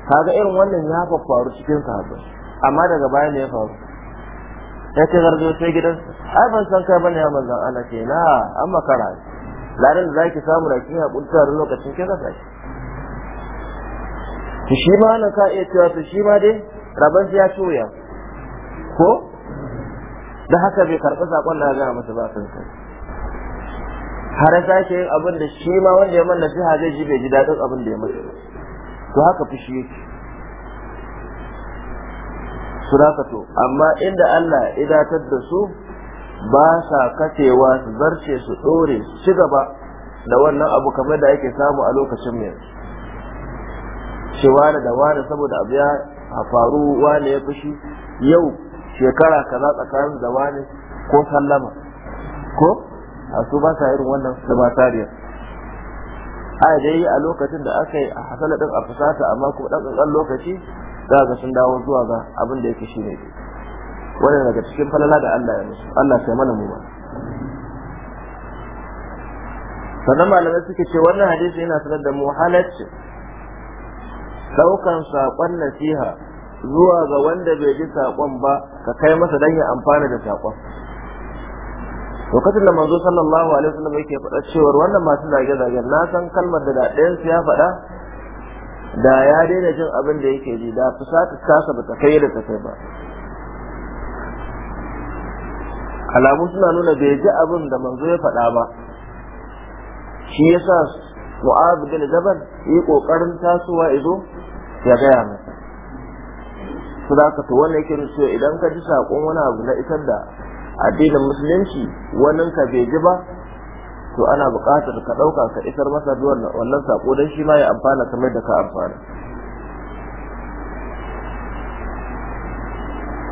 kaga irin wannan ya faru cikin sahabbai amma daga baya ne ya faru ya ce garzo sai gidan ai ban san kai bane ya manzon ana ce na an makara ladan da zaki samu da kiyar kuntar tare lokacin kin rasa shi to shi ma nan ka iya cewa to shi ma dai raban ya toya ko da haka bai karɓi sakon da ya gaya masa ba sun kai har sake yin abin da shi ma wanda ya man nasiha zai ji bai ji daɗin abin da ya masa to haka fushi yake surakato amma inda Allah idatar da su ba sa katewa su zarce su ɗore su ci gaba da wannan abu kamar da ake samu a lokacin mai cewa da wani saboda abu ya faru wani ya fushi yau shekara kaza tsakanin da wani ko sallama ko a su ba sa irin wannan zama tariya a da yi a lokacin da aka yi a hasala din a fusata amma kuma dan kankan lokaci za ga sun dawo zuwa ga abin da yake ne wannan daga cikin falala da Allah ya musu Allah sai mana mu ba sannan malamai suke ce wannan hadisi yana sanar da mu halacci daukan saƙon nasiha zuwa ga wanda bai ji saƙon ba ka kai masa don ya amfana da saƙon lokacin da manzo sallallahu alaihi wasallam yake faɗa cewa wannan masu zage-zage na san kalmar da ɗayan su ya faɗa da ya daina jin abin da yake ji da fusata tasa ba ta kai da ta kai ba alamu suna nuna bai ji abin da manzo ya faɗa ba shi yasa mu'ab bin jabal yi kokarin tasowa izo ya gaya masa su ka to wannan yake idan ka ji saƙon wani abu na isar da addinin musulunci wanin ka bai ji ba to ana buƙatar ka ɗauka ka isar masa wannan saƙo don shi ma ya amfana kamar da ka amfana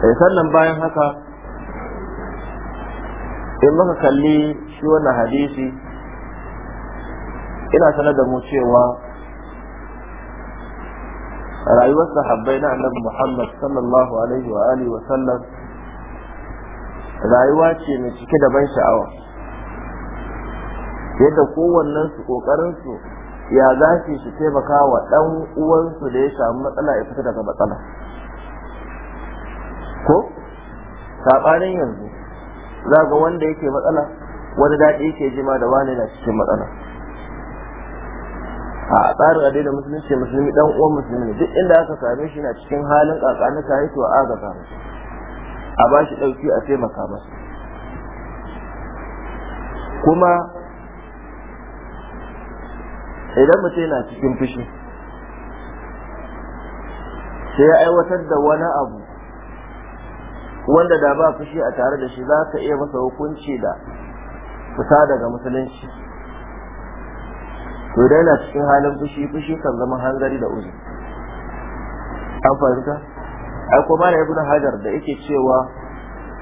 eh, sannan bayan haka in muka kalli shi wannan hadisi ina sanar da mu cewa rayuwar sahabbai na annabi Muhammad sallallahu alaihi wa alihi wa sallam rayuwa ce mai cike da ban sha'awa yadda kowannen su kokarin su ya za su shi taimaka wa dan uwansu da ya samu matsala ya fita daga matsala ko sabanin yanzu za ga wanda yake matsala wani daɗi yake jima da wani na cikin matsala a tsarin adai da musulunci musulmi dan uwan musulmi duk inda aka same shi na cikin halin kakanin kayi to a ga samu a ba shi ɗauki a taimaka ba. kuma idan mutum yana cikin fushi sai ya aiwatar da wani abu wanda da ba fushi a tare da shi za ka iya masa hukunci da fita daga musulunci to dai na cikin halin fushi fushi kan zama hanzari da uzu an fahimta ai ko mala ibnu hajar da yake cewa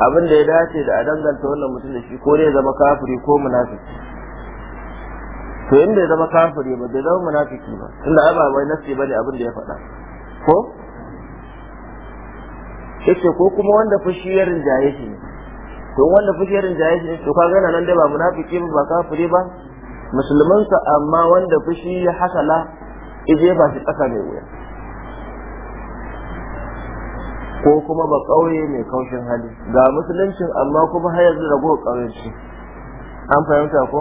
abin da ya dace da a danganta wannan mutum da shi ko ne zama kafiri ko munafiki to in ya zama kafiri ba da zama munafiki ba tunda ai ba wai nasi bane abin da ya faɗa ko yace ko kuma wanda fushi ya rinjaye shi ne to wanda fushi ya rinjaye shi ne to ka yana nan dai ba munafiki ba ba kafiri ba musulmansa amma wanda fushi ya hasala ije ba shi tsaka mai wuya ko kuma ba ƙauye mai kaushin hali ga musuluncin amma kuma har yanzu rago shi. an fahimta ko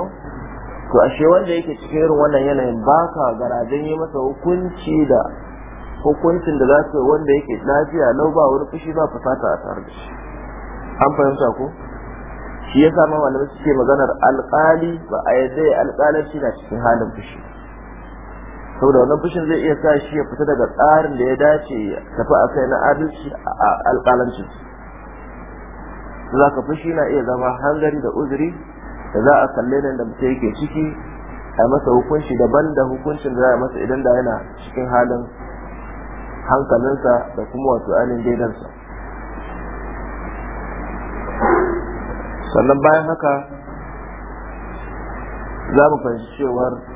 to ashe wanda yake cikin irin wannan yanayin baka garajen yi masa hukunci da hukuncin da za su wanda yake lafiya lau ba wani fushi ba fasata a tare da shi an fahimta ko shi yasa ma malamai suke maganar alkali ba a yadda shi na cikin halin fushi saboda wannan fushin zai iya sa shi ya fita daga tsarin da ya dace ya tafi a kai na adalci a alƙalancin za ka fushi na iya zama hangari da uzuri da za a kalle nan da mutum yake ciki a masa hukunci daban da hukuncin da za a masa idan da yana cikin halin hankalinsa da kuma wato ainihin daidansa sannan bayan haka za mu fahimci cewar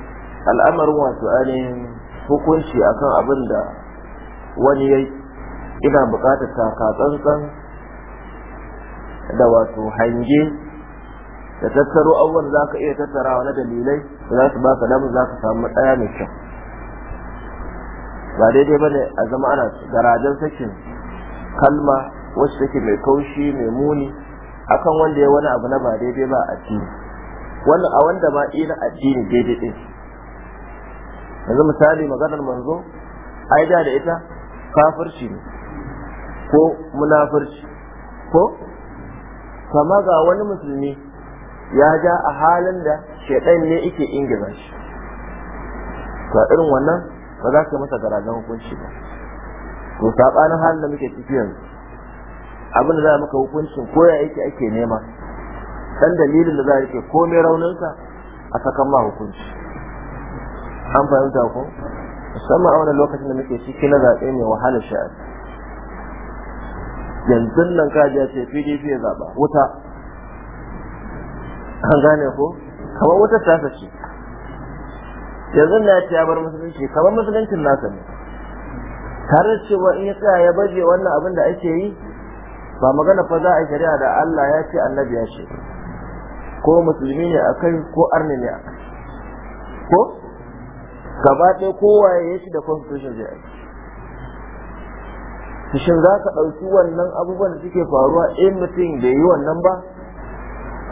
al'amarin wato ainihin hukunci akan abin da wani ya ina buƙatar tsantsan da wato hange da tattaro abubuwan za ka iya tattarawa na dalilai da za su baka damar za ka samu ɗaya mai kyau ba daidai ba ne a zama ana garajen sakin kalma wacce take mai kaushi mai muni akan wanda ya wani abu na ba daidai ba a addini wannan a wanda ma ina addini daidai ɗin yanzu misali maganar manzo ai da da ita kafirci ne ko munafirci ko kama ga wani musulmi ya ja a halin da shaidan ne yake ingiza shi to irin wannan ba za ka masa garajen hukunci ba to sabanin halin da muke ciki yanzu abin da za maka hukuncin ya yake ake nema dan dalilin da za a mai komai rauninsa a sakan ma hukunci an fahimta ko musamman a wannan lokacin da muke ciki na zaɓe ne wahalar sha'ani yanzu nan kaji ya ce pdp ya zaɓa wuta an gane ko kamar wutar tasa ce yanzu na ce ya bar musulunci kamar musuluncin nasa ne tare da cewa in ya tsaya ya baje wannan abin da ake yi ba magana fa za a shari'a da Allah ya ce annabi ya ce ko musulmi ne a kai ko arni ne a kai ko gaba ɗaya kowaye ya shi da constitution zai aiki su shin za ka ɗauki wannan abubuwan da suke faruwa in mutum bai yi wannan ba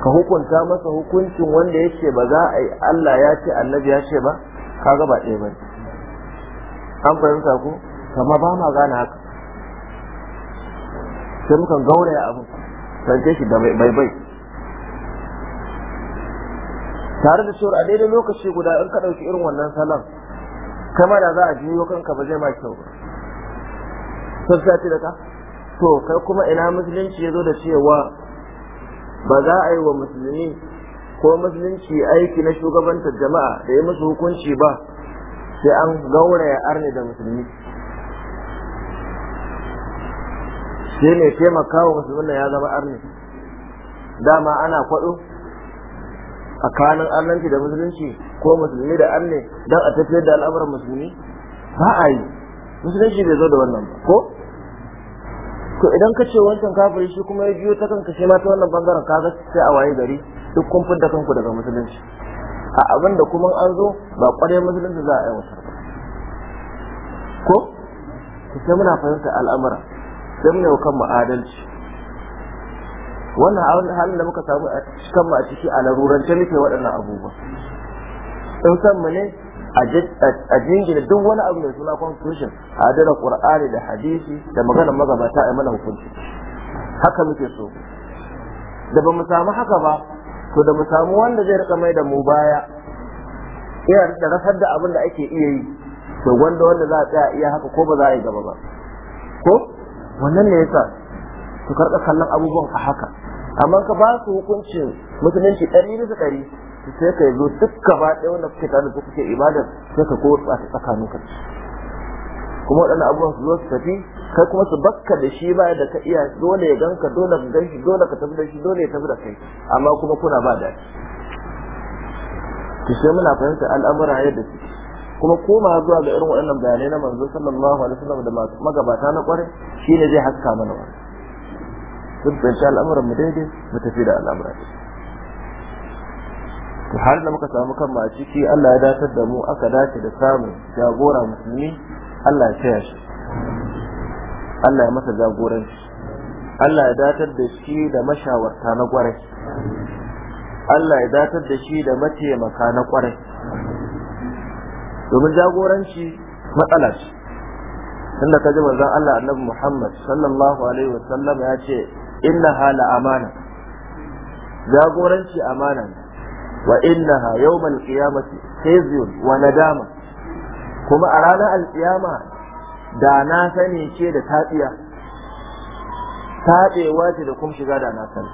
ka hukunta masa hukuncin wanda ya ce ba za a yi Allah ya ce annabi ya ce ba ka gaba ɗaya ba an fahimta ko kama ba ma gane haka sai mukan gauraya abu sarke shi da bai bai tare da cewar a daidai lokaci guda in ka ɗauki irin wannan salon kama da za a jiyo kanka ba zai ma kyau ba sun sati da ka to kai kuma ina musulunci ya zo da cewa ba za a yi wa musulmi ko musulunci aiki na shugabantar jama'a da ya musu hukunci ba sai an gauraya arne da musulmi sai mai taimaka wa musulmin ya zama arne dama ana kwaɗo tsakanin annanci da musulunci ko musulmi da anne don a tafiyar da al'amuran musulmi ba a yi musulunci bai zo da wannan ba ko to idan ka ce wancan kafiri shi kuma ya biyo ta kanka shi ma ta wannan bangaren ka sai a waye gari duk kun fidda kanku daga musulunci a abin da kuma an zo ba kwarai musulunci za a yi ba ko sai muna fahimta al'amura sai muna yau kan mu adalci wannan halin da muka samu a cikin a ciki a larurance muke waɗannan abubuwa in san mu ne a jingina duk wani abu mai suna constitution a adana qur'ani da hadisi da maganar magabata a mana hukunci haka muke so da ba mu samu haka ba to da mu samu wanda zai rika mai da mu baya yana da rasar da abin da ake iya yi to wanda wanda za a tsaya iya haka ko ba za a yi gaba ba ko wannan ne yasa su karɓa kallon abubuwan a haka amma ka ba su hukuncin musulunci ɗari bisa ɗari sai ka zo duk gaba ɗaya wanda kuke tare da kuke ibadar sai ka kowa a tsakanin ka kuma waɗannan abubuwan su zo su tafi kai kuma su bakka da shi ba da ka iya dole ya ganka dole ka gan shi dole ka tafi da shi dole ya tafi da kai amma kuma kuna ba da ki sai muna fahimta al'amura yadda suke kuma koma zuwa ga irin waɗannan bayanai na manzo sallallahu alaihi wasallam da magabata na kwarai shine zai haska mana wannan sun fahimci al'amuran mu daidai mu tafi da al'amuran to har da muka samu kanmu a ciki Allah ya datar da mu aka dace da samun jagora musulmi Allah ya taya shi Allah ya masa jagoranci Allah ya datar da shi da mashawarta na kwarai Allah ya datar da shi da mataimaka na kwarai domin jagoranci matsala ce tunda ka ji manzon Allah Annabi Muhammad sallallahu alaihi wasallam ya ce innaha la amana jagoranci amana ne wa innaha yawmal qiyamati khizyun wa nadama kuma a ranar alkiyama da na sani ce da tatsiya taɗewa ce da kuma shiga da na sani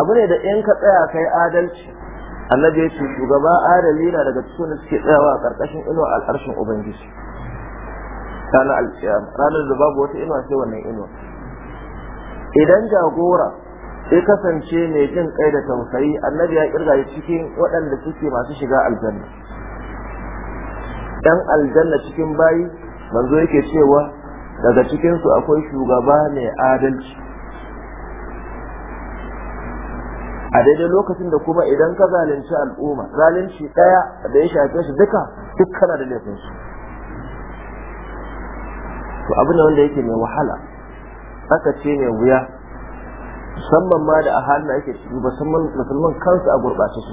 abu ne da in ka tsaya kai adalci annabi ya ce shugaba adali na daga cikin da suke tsayawa a ƙarƙashin a al'arshin ubangiji ranar alkiyama ranar da babu wata inuwa sai wannan inuwa idan jagora sai kasance mai jin kai da tausayi annabi ya kirga cikin waɗanda suke masu shiga aljanna dan aljanna cikin bayi manzo yake cewa daga cikinsu akwai shugaba mai adalci a daidai lokacin da kuma idan ka zalunci al'umma zalunci ɗaya da ya shafe shi duka duk kana da laifinsu to abin wanda yake mai wahala aka ce mai wuya musamman ma da a halin da ake san musulman kansu a gurɓace su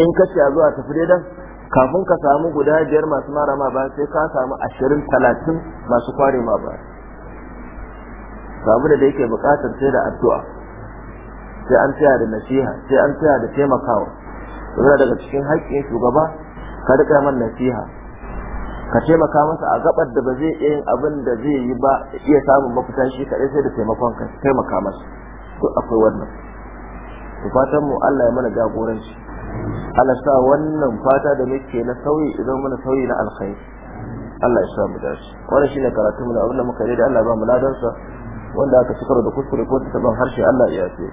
in ka a zuwa tafi daidan kafin ka samu guda biyar masu mara ma ba sai ka samu ashirin talatin masu kware ma ba saboda da yake buƙatar sai da addu'a sai an tsaya da nasiha sai an tsaya da taimakawa yana daga cikin haƙƙin shugaba ka rika man nasiha ka taimaka masa a gabar da ba zai iya yin abin da zai yi ba iya samun mafita shi kaɗai sai da taimakon ka taimaka masa to akwai wannan to fatan mu Allah ya mana jagoranci Allah sa wannan fata da muke na sauyi idan mana sauyi na alkhairi Allah ya sa mu dace wannan shine karatu mu da abin da muka yi da Allah ba mu ladansa wanda aka cikar da kuskure ko ta ban harshe Allah ya yafe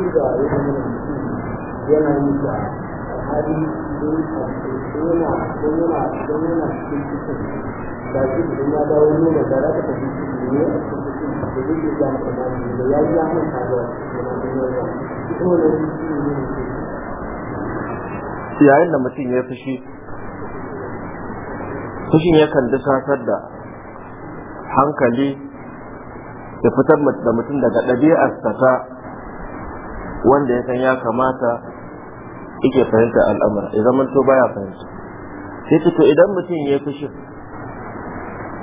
da yana yi da hali don da shi da ya dawo da a cikin yi yayin da mutum ya fushi fushin yakan dusasar da hankali da fitar da mutum daga ɗabi'ar ta wanda ya san ya kamata yake fahimta al'amura ya zama baya fahimta sai ta to idan mutum ya fushin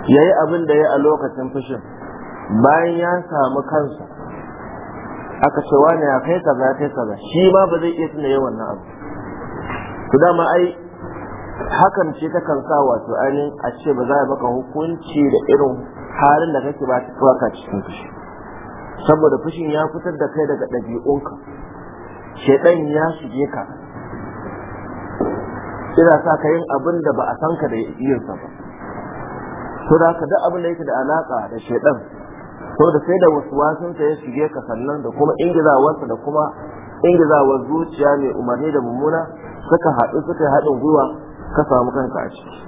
ya yi abin da ya a lokacin fushin bayan ya samu kansa aka ce wani ya kai kaza kai kaza shi ma ba zai iya tuna yawan abu to dama ai hakan ce ta kan sa wato ainihin a ce ba za a maka hukunci da irin halin da kake ba ta cikin fushi saboda fushin ya fitar da kai daga ɗabi'unka shaidan ya shige ka ina sa ka yin abin da ba a san ka da yinsa ba to da ka da abin da yake da alaka da shaidan to da sai da wasansa ya shige ka sannan da kuma ingizawarsa da kuma ingizawar zuciya mai umarni da mummuna suka haɗu suka yi haɗin gwiwa ka samu kanka a ciki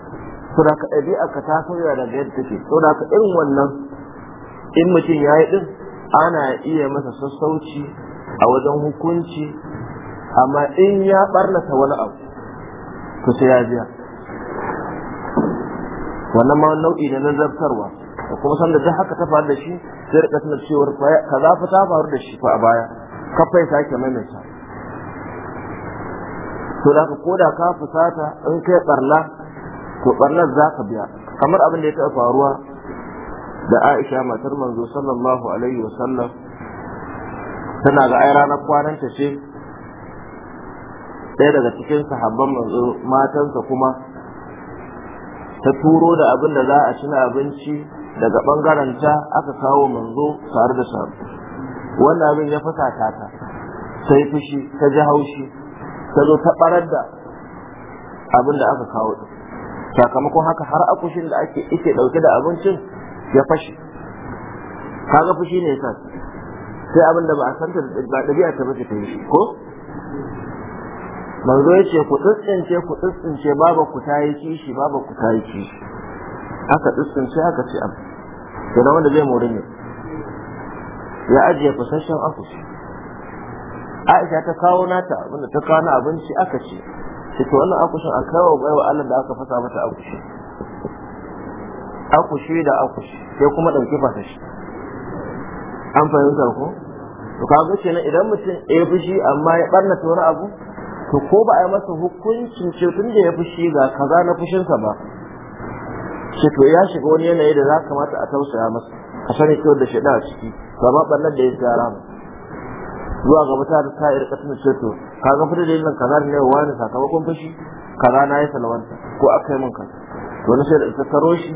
to da ka ɗabi'a ka ta sauya daga yadda take to da ka irin wannan in mutum ya yi ɗin ana iya masa sassauci a wajen hukunci amma in ya barnata wani abu to sai ya biya wannan ma nau'i ne na zartarwa da kuma sanda duk haka ta faru da shi sai rika tana cewar za fa ta faru da shi fa a baya kafai sake maimaita to da ka koda ka fusata in kai barna to barnar za ka biya kamar abin da ya taɓa faruwa da Aisha matar manzo sallallahu alaihi wasallam tana ga ai ranar kwananta ce ɗaya daga cikin sahabban manzo matansa kuma ta turo da abin da za a ci na abinci daga bangaren ta aka kawo manzo tare da sabu wannan abin ya fasata ta sai fushi ta ji haushi ta zo ta barar da abin da aka kawo sakamakon haka har akushin da ake ike ɗauke da abincin ya fashe kaga fushi ne yasa sai abin da ba a santa ba dabi'a ta bace ta yi shi ko manzo ya ce ku tsintsince ku tsintsince baba ku ta yi kishi baba ku ta yi kishi aka tsintsince aka ce abu to nan wanda zai mori ne ya ajiye fasashen akushi Aisha ta kawo nata abinda ta kawo na abinci aka ce ce to wannan akushin a kawo wa Allah da aka fasa mata akushi akushi da akushi sai kuma ɗauki fasashi an fahimta ko to kaga kenan idan mutum ya fushi amma ya barna wani abu to ko ba a yi masa hukuncin ce tun da ya fushi ga kaza na fushinsa ba shi to ya shiga wani yanayi da za kamata a tausaya masa a sani kyau da shaɗa a ciki ba ma ɓarnar da ya gyara ba zuwa gaba ta da sa'ir ƙasar ce to ka ga fita da yin kaza ne wa ne sakamakon fushi kaza na yi salawanta ko aka yi min kaza to wani sai da ita karo shi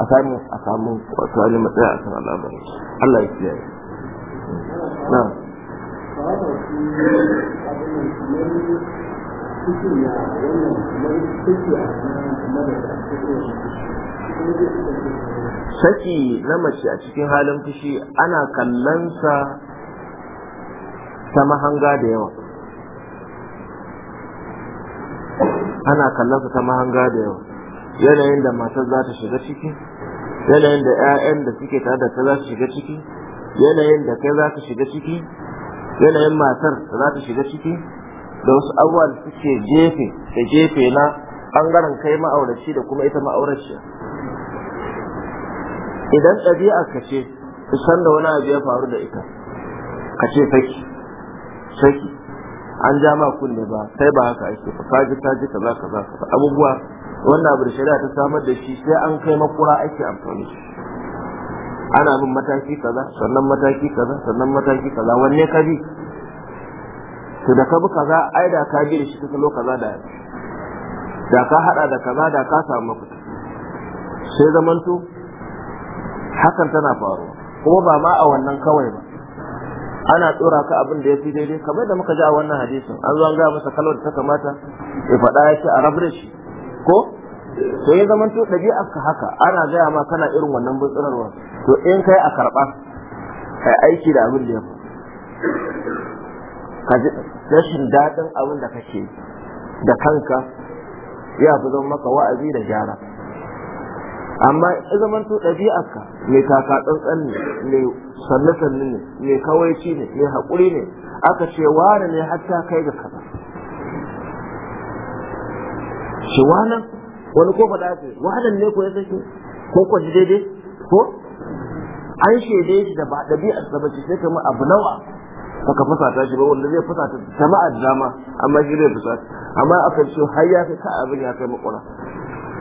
a samu a samu wato wani matsaya a kan al'amari Allah ya kiyaye na saki na mace a cikin halin fushi ana kallonsa ta mahanga da yawa ana kallonsa ta mahanga da yawa yanayin da matar za ta shiga ciki yanayin da 'ya'yan da suke tare da za su shiga ciki yanayin da kai za ka shiga ciki yanayin matar da za ta shiga ciki da wasu abubuwa da suke jefe da jefe na bangaren kai ma'auraci da kuma ita ma'aurashi idan ɗabi'a ka ce san da wani abu ya faru da ita ka ce saki saki an ja ma kunne ba kai ba haka ake ba za ka za ka abubuwa wannan abu da shari'a ta samar da shi sai an kai makura ake amfani shi ana bin mataki kaza sannan mataki kaza sannan mataki kaza wanne ka bi to da ka bi kaza ai da ka bi da shi kuka kaza da da ka hada da kaza da ka samu mafita sai zamanto hakan tana faruwa kuma ba ma a wannan kawai ba ana tsora ka abin da ya fi daidai kamar da muka ji a wannan hadisin an zo an gaya masa kalmar da ta kamata ya faɗa ya ce a rabu da shi ko to ya zama to haka ana gaya ma kana irin wannan bunsurarwa to in kai a karɓa kai aiki da abin da ya ka ji rashin daɗin abin da kake da kanka ya fi zama maka wa'azi da gyara amma ya zaman to ɗabi'arka mai kaka tsantsan ne mai sanne sanne ne mai kawaici ne mai haƙuri ne aka ce wani ne hatta kai ga kaza ce wani wani ko faɗa ce wannan ne ko ya sake ko ko ji daidai ko an shaide shi da ba ɗabi'ar sa bace sai kuma abu nawa baka fusata shi ba wanda zai fusata jama'a da dama amma shi zai fusata amma akan ce har ya kai ka abin ya kai makwara?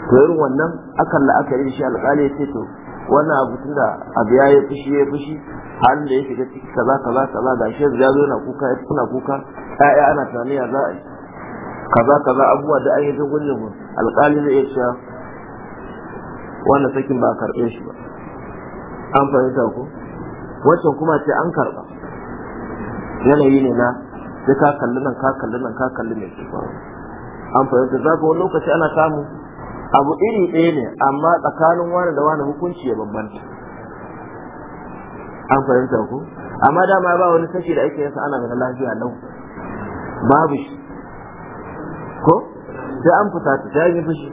to irin wannan akan la'akari yi shi alƙali ya ce to wannan abu tunda abu ya yi fushi ya fushi halin da ya shiga ciki kaza kaza kaza da shi ya zo yana kuka ya kuka ya'ya ana tunani ya za a yi kaza kaza abubuwa da an yi dogon mu alƙali zai iya cewa wanda sakin ba a karɓe shi ba an fahimta ku wancan kuma ce an karɓa yanayi ne na sai ka kalli nan ka kalli nan ka kalli mai shi ba an fahimta za ka wani lokaci ana samu abu iri ɗaya ne amma tsakanin wani da wani hukunci ya bambanta an fahimta ku amma dama ba wani sashi da ake yasa ana ga lafiya lau babu shi ko sai an fusata ta yi fushi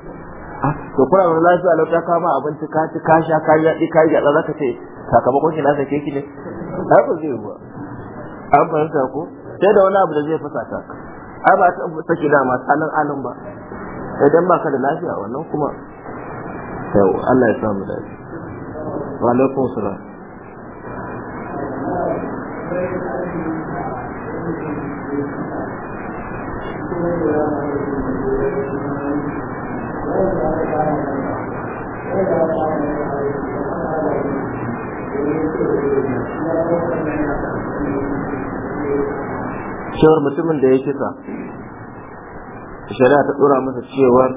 ah, to kuna da lafiya lau ta kama abinci ka ci ka sha ka yi yaɗi ka yi gyaɗa za ka ce sakamakon shi na sake ki ne ai ba zai ba an fahimta ko sai da wani abu da zai fasa ta ai ba ta sake dama tsanin alin ba idan ba ka da lafiya wannan kuma yau Allah ya samu dace wa alaikum salam cewar mutumin da ya kisa shari'a ta dora masa cewar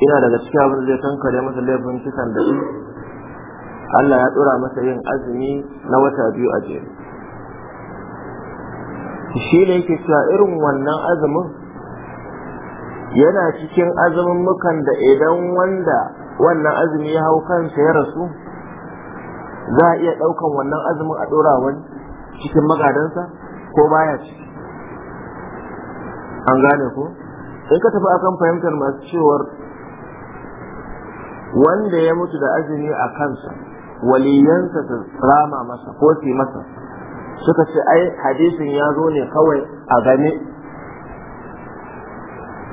ina daga cikin abin zai tankare masa laifin kisan da Allah ya ɗura masa yin azumi na wata biyu a jere shi ne yake cewa irin wannan azumin yana cikin azumin mukan da idan wanda wannan azumi ya hau kansa ya rasu za a iya ɗaukan wannan azumin a ɗora wani cikin magadansa ko baya ciki an gane ko in ka tafi akan fahimtar masu cewar wanda ya mutu da azumi a kansa waliyansa su rama masa ko su masa suka ce ai hadisin ya zo ne kawai a game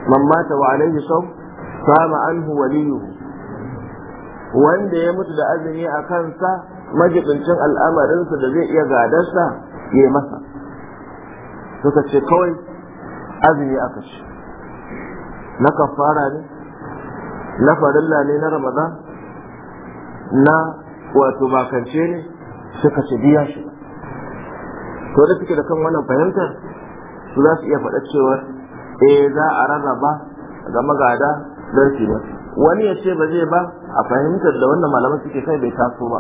man mata wa alaihi sau sama anhu waliyu. wanda ya mutu da azumi a kansa majibincin al'amarinsa da zai iya gadarsa ya masa suka ce kawai azumi aka ce na kafara ne na farilla ne na ramadan na wato bakance ne suka ce biya shi to da suke da kan wannan fahimtar su za su iya faɗa cewa eh za a rarraba ga magada don su ba wani ya ce ba zai ba a fahimtar da wannan malaman suke kai bai taso ba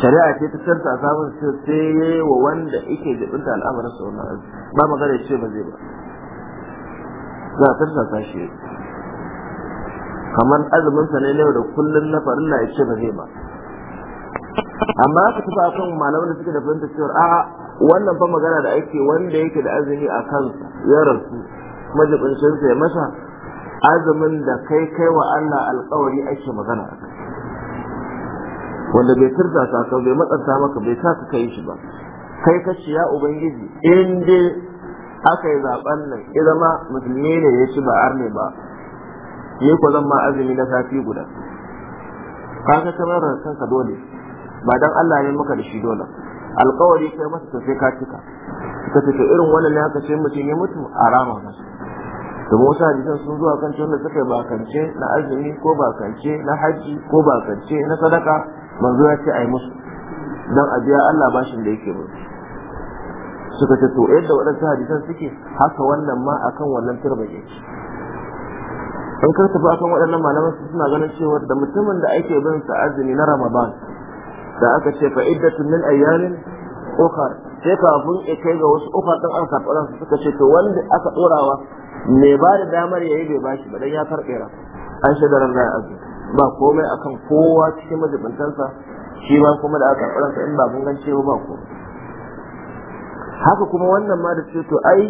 shari'a ce ta tarta samun sai wa wanda yake jibinta al'amarin sa wannan ba magana ya ce ba zai ba za a tarta shi kamar azumin sa ne yau da kullun na na ya ce ba zai ba amma aka tafi a kan malaman da suke da fahimta cewa a wannan fa magana da ake wanda yake da azumi a kan ya rasu majibincinsa ya masa azumin da kai kai wa Allah alkawari ake magana wanda bai turta ka kan bai matsanta maka bai sa ka kai shi ba kai ka ya ubangiji in dai aka yi zaben nan ya zama musulmi ne ya ci ba arne ba ni ko zan ma azumi na safi guda kaga kamar kanka dole ba dan Allah ne muka da shi dole alkawari kai masa to sai ka cika ka ce irin wannan ne haka ce mutum ya mutu a rama masa da wasu hadisan sun zuwa kan da suka yi bakance na azumi ko bakance na haji ko bakance na sadaka manzo ya ce ai yi musu don a biya Allah bashin da yake musu suka ce to yadda waɗansu hadisan suke haka wannan ma akan wannan turba yake in ka tafi akan waɗannan malaman suna ganin cewa da mutumin da ake bin sa azumi na ramadan da aka ce fa idda min ayyamin ukhar sai kafin ya kai ga wasu ukhar din aka karɓa su suka ce to wanda aka dorawa. mai ba da damar yayi bai bashi ba dan ya karɓe ra an shadarar da azu ba komai akan kowa cikin majibantansa shi ba kuma da aka sa in ba mun gan ba ko haka kuma wannan ma da ce to ai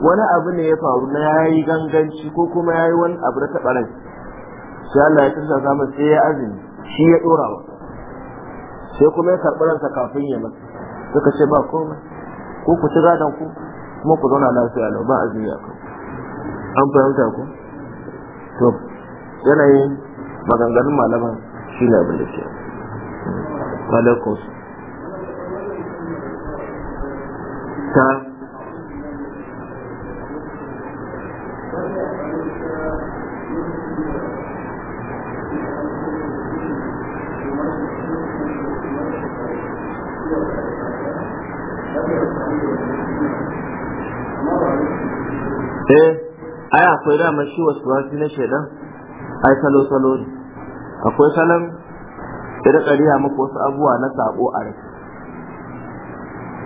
wani abu ne ya faru na yayi ganganci ko kuma yayi wani abu da taɓa rai sai Allah ya tsaya samu sai ya azumi shi ya ɗorawa sai kuma ya karɓi ransa kafin ya mutu suka ce ba komai ko ku ci gadon ku kuma ku zauna lafiya lau ba azumi a kan an fahimta ku to yanayin maganganun malaman shi ne abin da ke ta ai akwai damar shi wasu wasu na shaidan ai salo salo ne akwai salon da riya maka wasu abubuwa na sabo a rai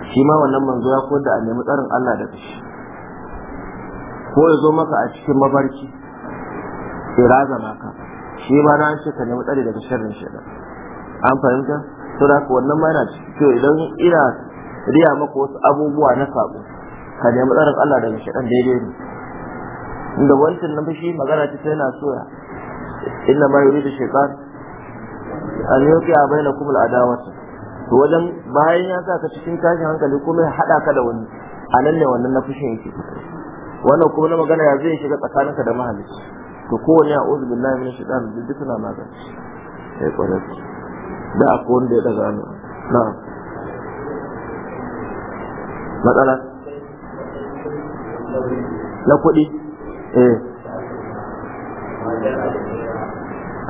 shi ma wannan manzo ya koda a nemi tsarin Allah da shi ko ya zo maka a cikin mabarki ya raza maka shi ma na ce ka nemi tsari daga sharrin shaidan an fahimta to da wannan ma yana cikin idan ina riya maka wasu abubuwa na sabo ka nemi tsarin Allah daga shaidan daidai ne da wancan na fushi magana ce ta yana soya inna ma yuridu shaytan an yuqiya bainakum al-adawata to wajen bayan ya sa ka cikin tashin hankali kuma ya hada ka da wani a nan ne wannan na fushin yake wannan kuma na magana ya zai shiga tsakaninka da mahalicci to kowane a uzu billahi min shi duk magana sai kwarar da akwai wanda ya daga na matsala na kuɗi Eh.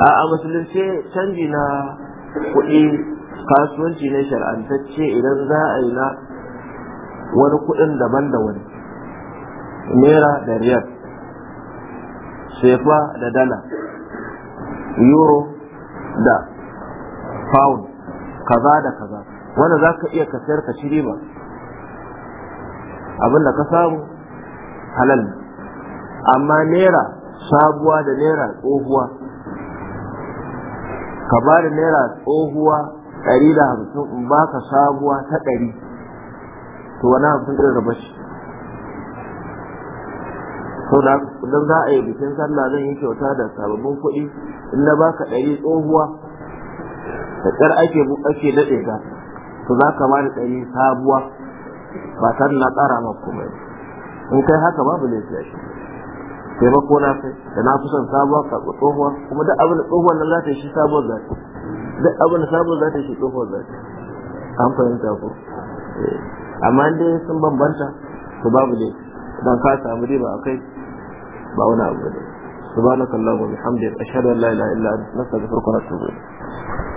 a Musulunci canji na kuɗi kasuwanci ne shar'antacce idan za a yi na wani kuɗin daban da wani naira da riyal shefa da dala euro da pound kaza da kaza wanda za ka iya ka sayar ka ci riba abinda ka samu halal amma naira sabuwa da naira tsohuwa ka ba da naira tsohuwa ɗari da hamsin in ba ka sabuwa ta ɗari to wani hamsin ɗin raba shi sau da idan za a yi bikin sallah zan yi kyauta da sababbin kuɗi in na baka ɗari tsohuwa da ƙar ake ake daɗe ta to za ka ba da ɗari sabuwa ba tare na ƙara maka kuma in kai haka babu laifi a shi taimako na kai da na fi son sabuwa ka tsohuwa kuma duk abin da tsohuwar nan za ta shi sabuwar za ta duk abin da sabuwar za ta shi tsohuwar za ta an fahimta ko eh, amma dai sun bambanta to babu ne dan ka samu ba kai ba wani abu ne subhanakallahumma wa bihamdika ashhadu an la ilaha illa anta astaghfiruka wa atubu ilayk